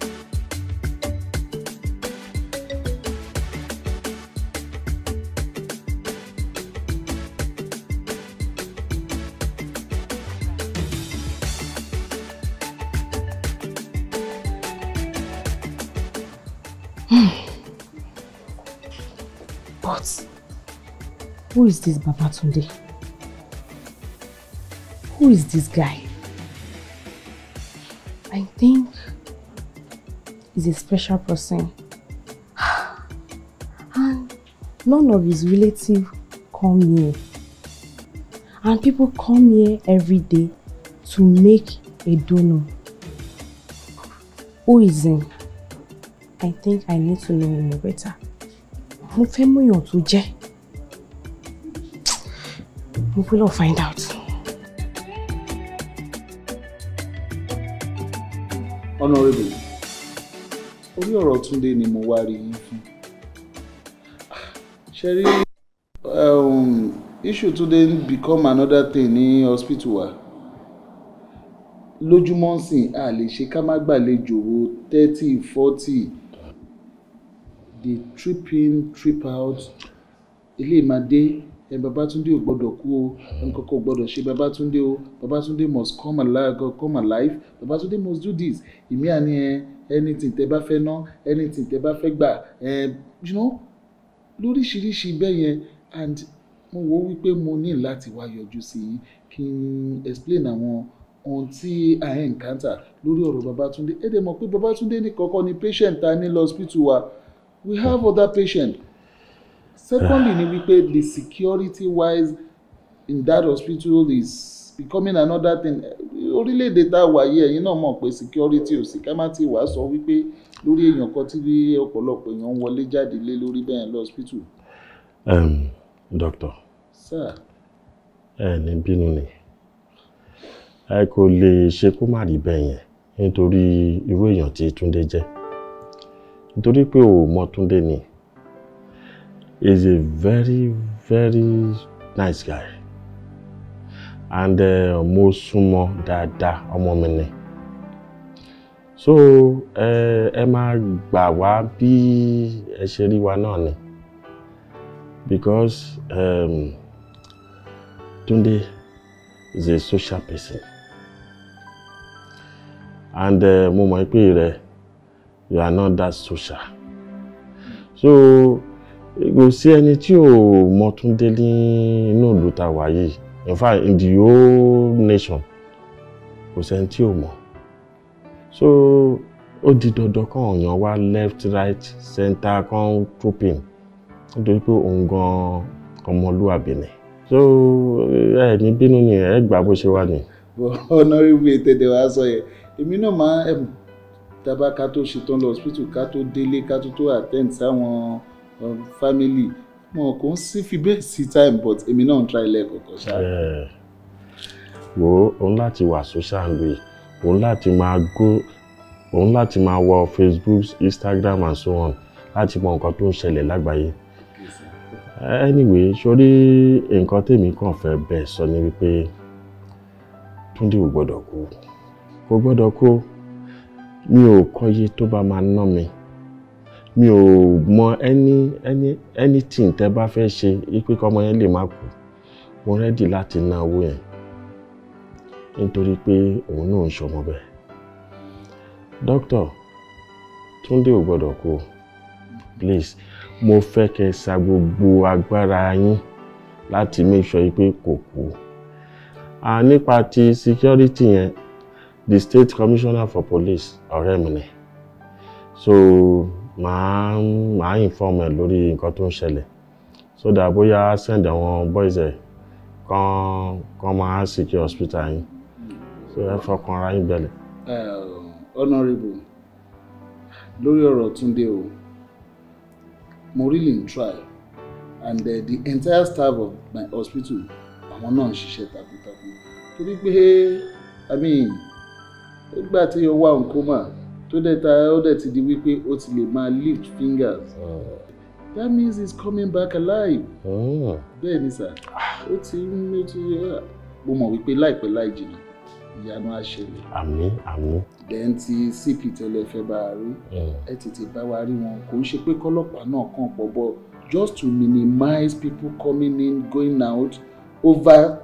Who is this Babatunde? Who is this guy? I think he's a special person. And none of his relatives come here. And people come here every day to make a donor. Who is him? I think I need to know him better. Mo fẹ́ mọ̀ èèyàn tó jẹ́. We will all find out. honourable orí ọ̀rọ̀ Túndé ni mo wá rí yín fún ṣe rí um, issue Túndé become another thing ní hospital wa lójúmọ́ sìn a lè ṣe ká má gbàlejò wo thirty forty the trip in trip out ilé máa dé Babatunde ò gbọ́dọ̀ kú o nǹkan kan ò gbọ́dọ̀ ṣe Babatunde o Babatunde must come alive come alive Babatunde must do this ìmí àní ẹ anything tẹ bá fẹ́ ná anything tẹ bá fẹ́ gbà ẹ you know lóríṣiríṣi bẹ́ẹ̀ yẹn and mo wò wípé mo ní láti wá yọjú sí i kí n explain àwọn ohun tí à encounter lórí ọ̀rọ̀ Babatunde ẹ dẹ̀ mọ̀ pé Babatunde ní kọ́kọ́ ni patient ta ní lọ hospital wa we have other patients secondly ni wípé the security wise in that hospital is becoming another thing orílẹ̀-èdè tá a wà yìí ẹ̀yin náà mọ̀ pé security ò sí ká má ti wàá sọ wípé lórí èèyàn kan tí ọ̀pọ̀lọpọ̀ èèyàn ń wọlé jáde lé lórí bẹ́ẹ̀ lọ hospital. doctor ẹ ní bínú ni ẹ kò lè ṣe kó má rí bẹ́ẹ̀ yẹn nítorí irú èèyàn tí Túndé jẹ́ nítorí pé ò mọ Túndé ni. Mm is a very very nice guy and uh, mo súnmọ́ dáadáa ọmọ mi ni so uh, ẹ máa gbà wá bí ẹ ṣe rí wa náà ni because um, Tunde is a social person and uh, mo mọ̀ pé rẹ you are not that social so kò sí ẹni tí ò mọ Túndé ní inú ìlú tá a wà yìí in fact in the whole nation kò sẹ́ni tí ò mọ̀ so ó di dandan kan ọ̀yàn wá left right center kan trooping nítorí pé òun gan ọmọlúwàbí ni so ẹ ní bínú ni ẹ gbà bó ṣe wà ní. honorable ètèdè wàá sọ yẹn èmi náà máa ń tàbá ká tó ṣetán lọ hospital ká tó délé ká tó tó attend sáwọn um, family Mo kò ń sí fi bẹ́ẹ̀ sí time but èmi náà ń try lẹ́ẹ̀kọ̀ọ̀kan ṣáà. wo òun láti wà social way òun láti máa go òun láti máa wọ Facebook Instagram and so on láti mọ nǹkan tó ń ṣẹlẹ̀ lágbàáyé anyway sórí nǹkan tèmi kàn fẹ́ bẹ́ẹ̀ sọ ni wípé Túndé ò gbọ́dọ̀ kú kò gbọ́dọ̀ kú mi ò kọ́yé tó bá máa ná mi mi ò mọ ẹni ẹni anything tẹ bá fẹ́ ṣe pé kọ́mọ yẹn lè má kú mo rẹ́dì láti ná owó yẹn nítorí pé òun náà ń ṣọmọ bẹ́ẹ̀ dókítà Túndé ò gbọ́dọ̀ kú please mo fẹ́ kẹ́ sa gbogbo agbára yín láti make sure pé kò kú a nípa ti security yẹn the state commissioner for police ọ̀rẹ́ mi ni so màá màá inform ẹ lórí nǹkan tó ń ṣẹlẹ̀ so that bóyá send àwọn boys ẹ kan kan máa secure hospital yín so ẹ fọkàn ara yín bẹ̀lẹ̀. honourable lórí ọ̀rọ̀ Túndé o mo really try and uh, the entire staff of my hospital àwọn náà ń ṣiṣẹ́ takuntakun torí pé i mean nígbà tí o wà ń tó dẹ̀ ta ó dẹ̀ ti di wípé ó ti lè máa lift fingers. Oh. that means he's coming back alive. Ah. bẹ́ẹ̀ ni sà ó ti ń méjì ah, mo mọ̀ wípé láìpẹ́ láì jìnnà ìyanu àṣẹlẹ̀. àmín àmín. then ti cp tẹ́lẹ̀ fẹ́ bá a rí ẹ tètè bá wa rí wọn kò ń ṣe pé kọ́lọ́pàá náà kàn pọ̀ bọ́ just to minimize people coming in going out over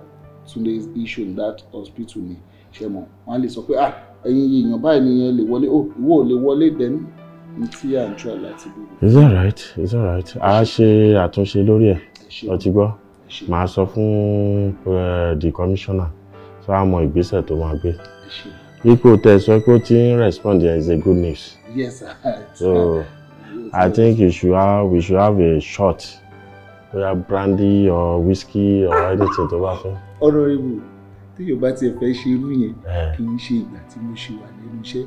today's issue in that hospital ni ṣe mọ̀ wọ́n á lè sọ pé ah ẹ̀yin èèyàn báyìí nìyẹn lè wọlé ó oh, ìwọ lè wọlé dẹ́nu ní tí à ń try láti bí. is that right is that right a ṣe àtúnṣe lórí ẹ̀ ó ti gbọ́ màá sọ fún eh, the commissioner so a mọ ìgbésẹ̀ tó máa gbé ipò tẹ́ sọ pé ó ti ń respond there is a good news. yes sir. so i think you should have, we should have a shot bóyá brandy or whiskey or anything tó bá fẹ́ téèyàn bá tiẹ̀ fẹ́ ṣe irú yẹn kì í ṣe ìgbà tí mo ṣe wà lẹ́nu iṣẹ́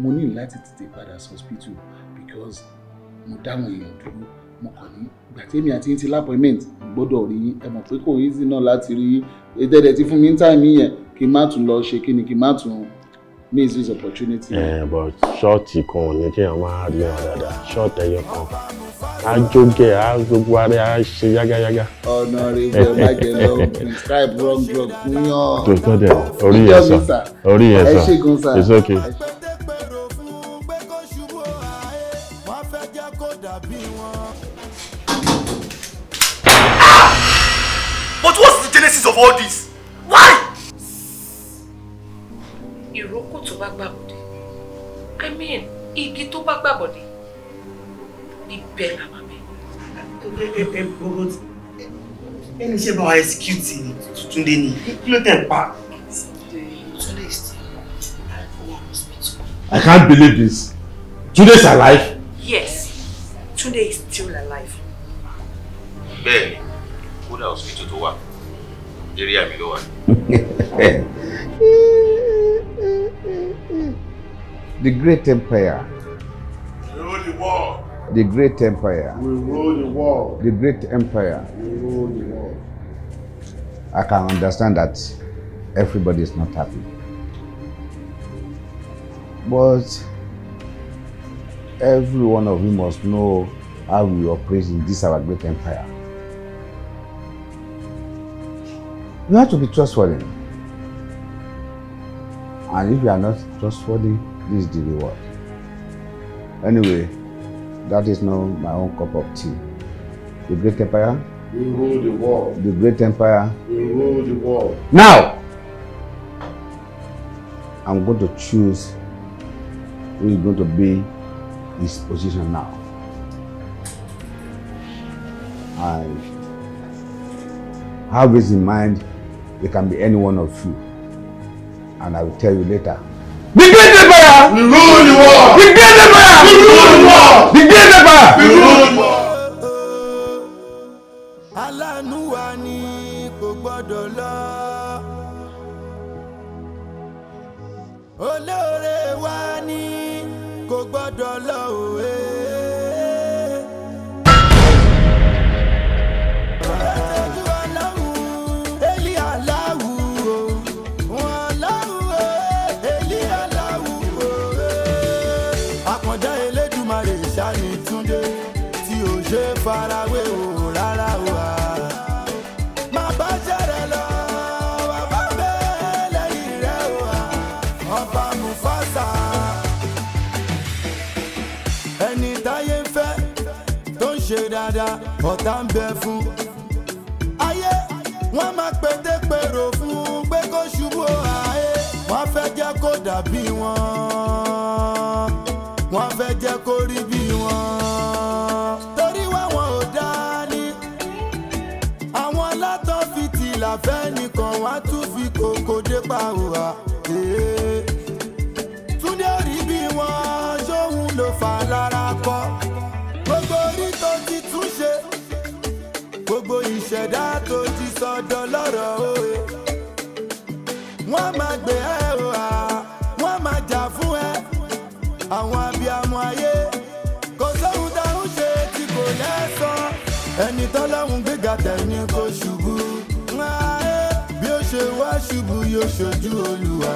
mo ní láti tètè padà sí hospital because mo dáhùn èèyàn dúró mo kàn ní ìgbà tèmi àti yín ti lápọ̀ẹ́mẹ̀ǹt gbọ́dọ̀ rí yín ẹ mọ̀ pé kò easy náà láti rí yín ètẹ́ẹ̀dẹ̀ ti fún mi ń tà yẹn kí n má tún lọ ṣe kí ni kí n má tún miss this opportunity. ẹ bọ ṣọọti kan ní kí wọn máa rí wọn dáadáa ṣọọti ẹyọ kan a jókè a gbogbo ara a ṣe yágáyágá. ọ̀nà rẹ̀ bàjẹ́ lọ prescribe wrong drug fún yàn. tòótọ́ dẹ̀ orí yẹn sọ orí yẹn sọ it's okay. But what's the genesis of all this? Why? Iroko tó bá gbàbọ̀dé i mean igi tó bá gbàbọ̀dé ibẹ̀ là wà bẹ́ẹ̀. ẹni ṣe bá wa execute ni Túndé ni kí ló tẹ̀ ń pa. Túndé is still I can't believe this. Today is alive. Yes, today is still alive. Bẹ́ẹ̀ni, kódà hospital tó wà, eré àmì ló wà. The great empire. We rule the world. The great empire. We rule the world. The great empire. We rule the world. I can understand that everybody is not happy. But every one of you must know how we operate in this our great empire. You have to be trustworthy. And if you are not trustworthy, This is the reward. Anyway, that is now my own cup of tea. The great empire. We rule the world. The great empire. We rule the world. Now, I'm going to choose who is going to be his position now. I have this in mind. It can be any one of you. And I will tell you later Begin the fire. We rule the world. Begin the fire. We rule the world. Begin the fire. We rule the world. Alánú wa ni kò gbọ́dọ̀ lọ. ọ̀tá ń bẹ fún. ayé wọ́n máa pété pèrò fún pé kó ṣubú ààyè wọ́n fẹ́ jẹ́ kó dàbí wọn wọ́n fẹ́ jẹ́ kó rí bí wọn. torí wá wọn ò dání àwọn látọ̀ fìtìlà fẹ́ nìkan wọ́n á tún fi kòkòdé pa òwà. ṣẹ̀dá tó ti sọ̀dọ̀ lọ́rọ̀ òye. wọ́n máa gbé ẹ o à wọ́n máa jà fún ẹ àwọn abiyamọ ayé kò sóhun táwọn ṣe tí kò lẹ́sọ̀ ẹni tọ́lọ́hún gbéga tẹ̀mí kò ṣubú bí ó ṣe wá ṣubú yóò ṣojú olúwa.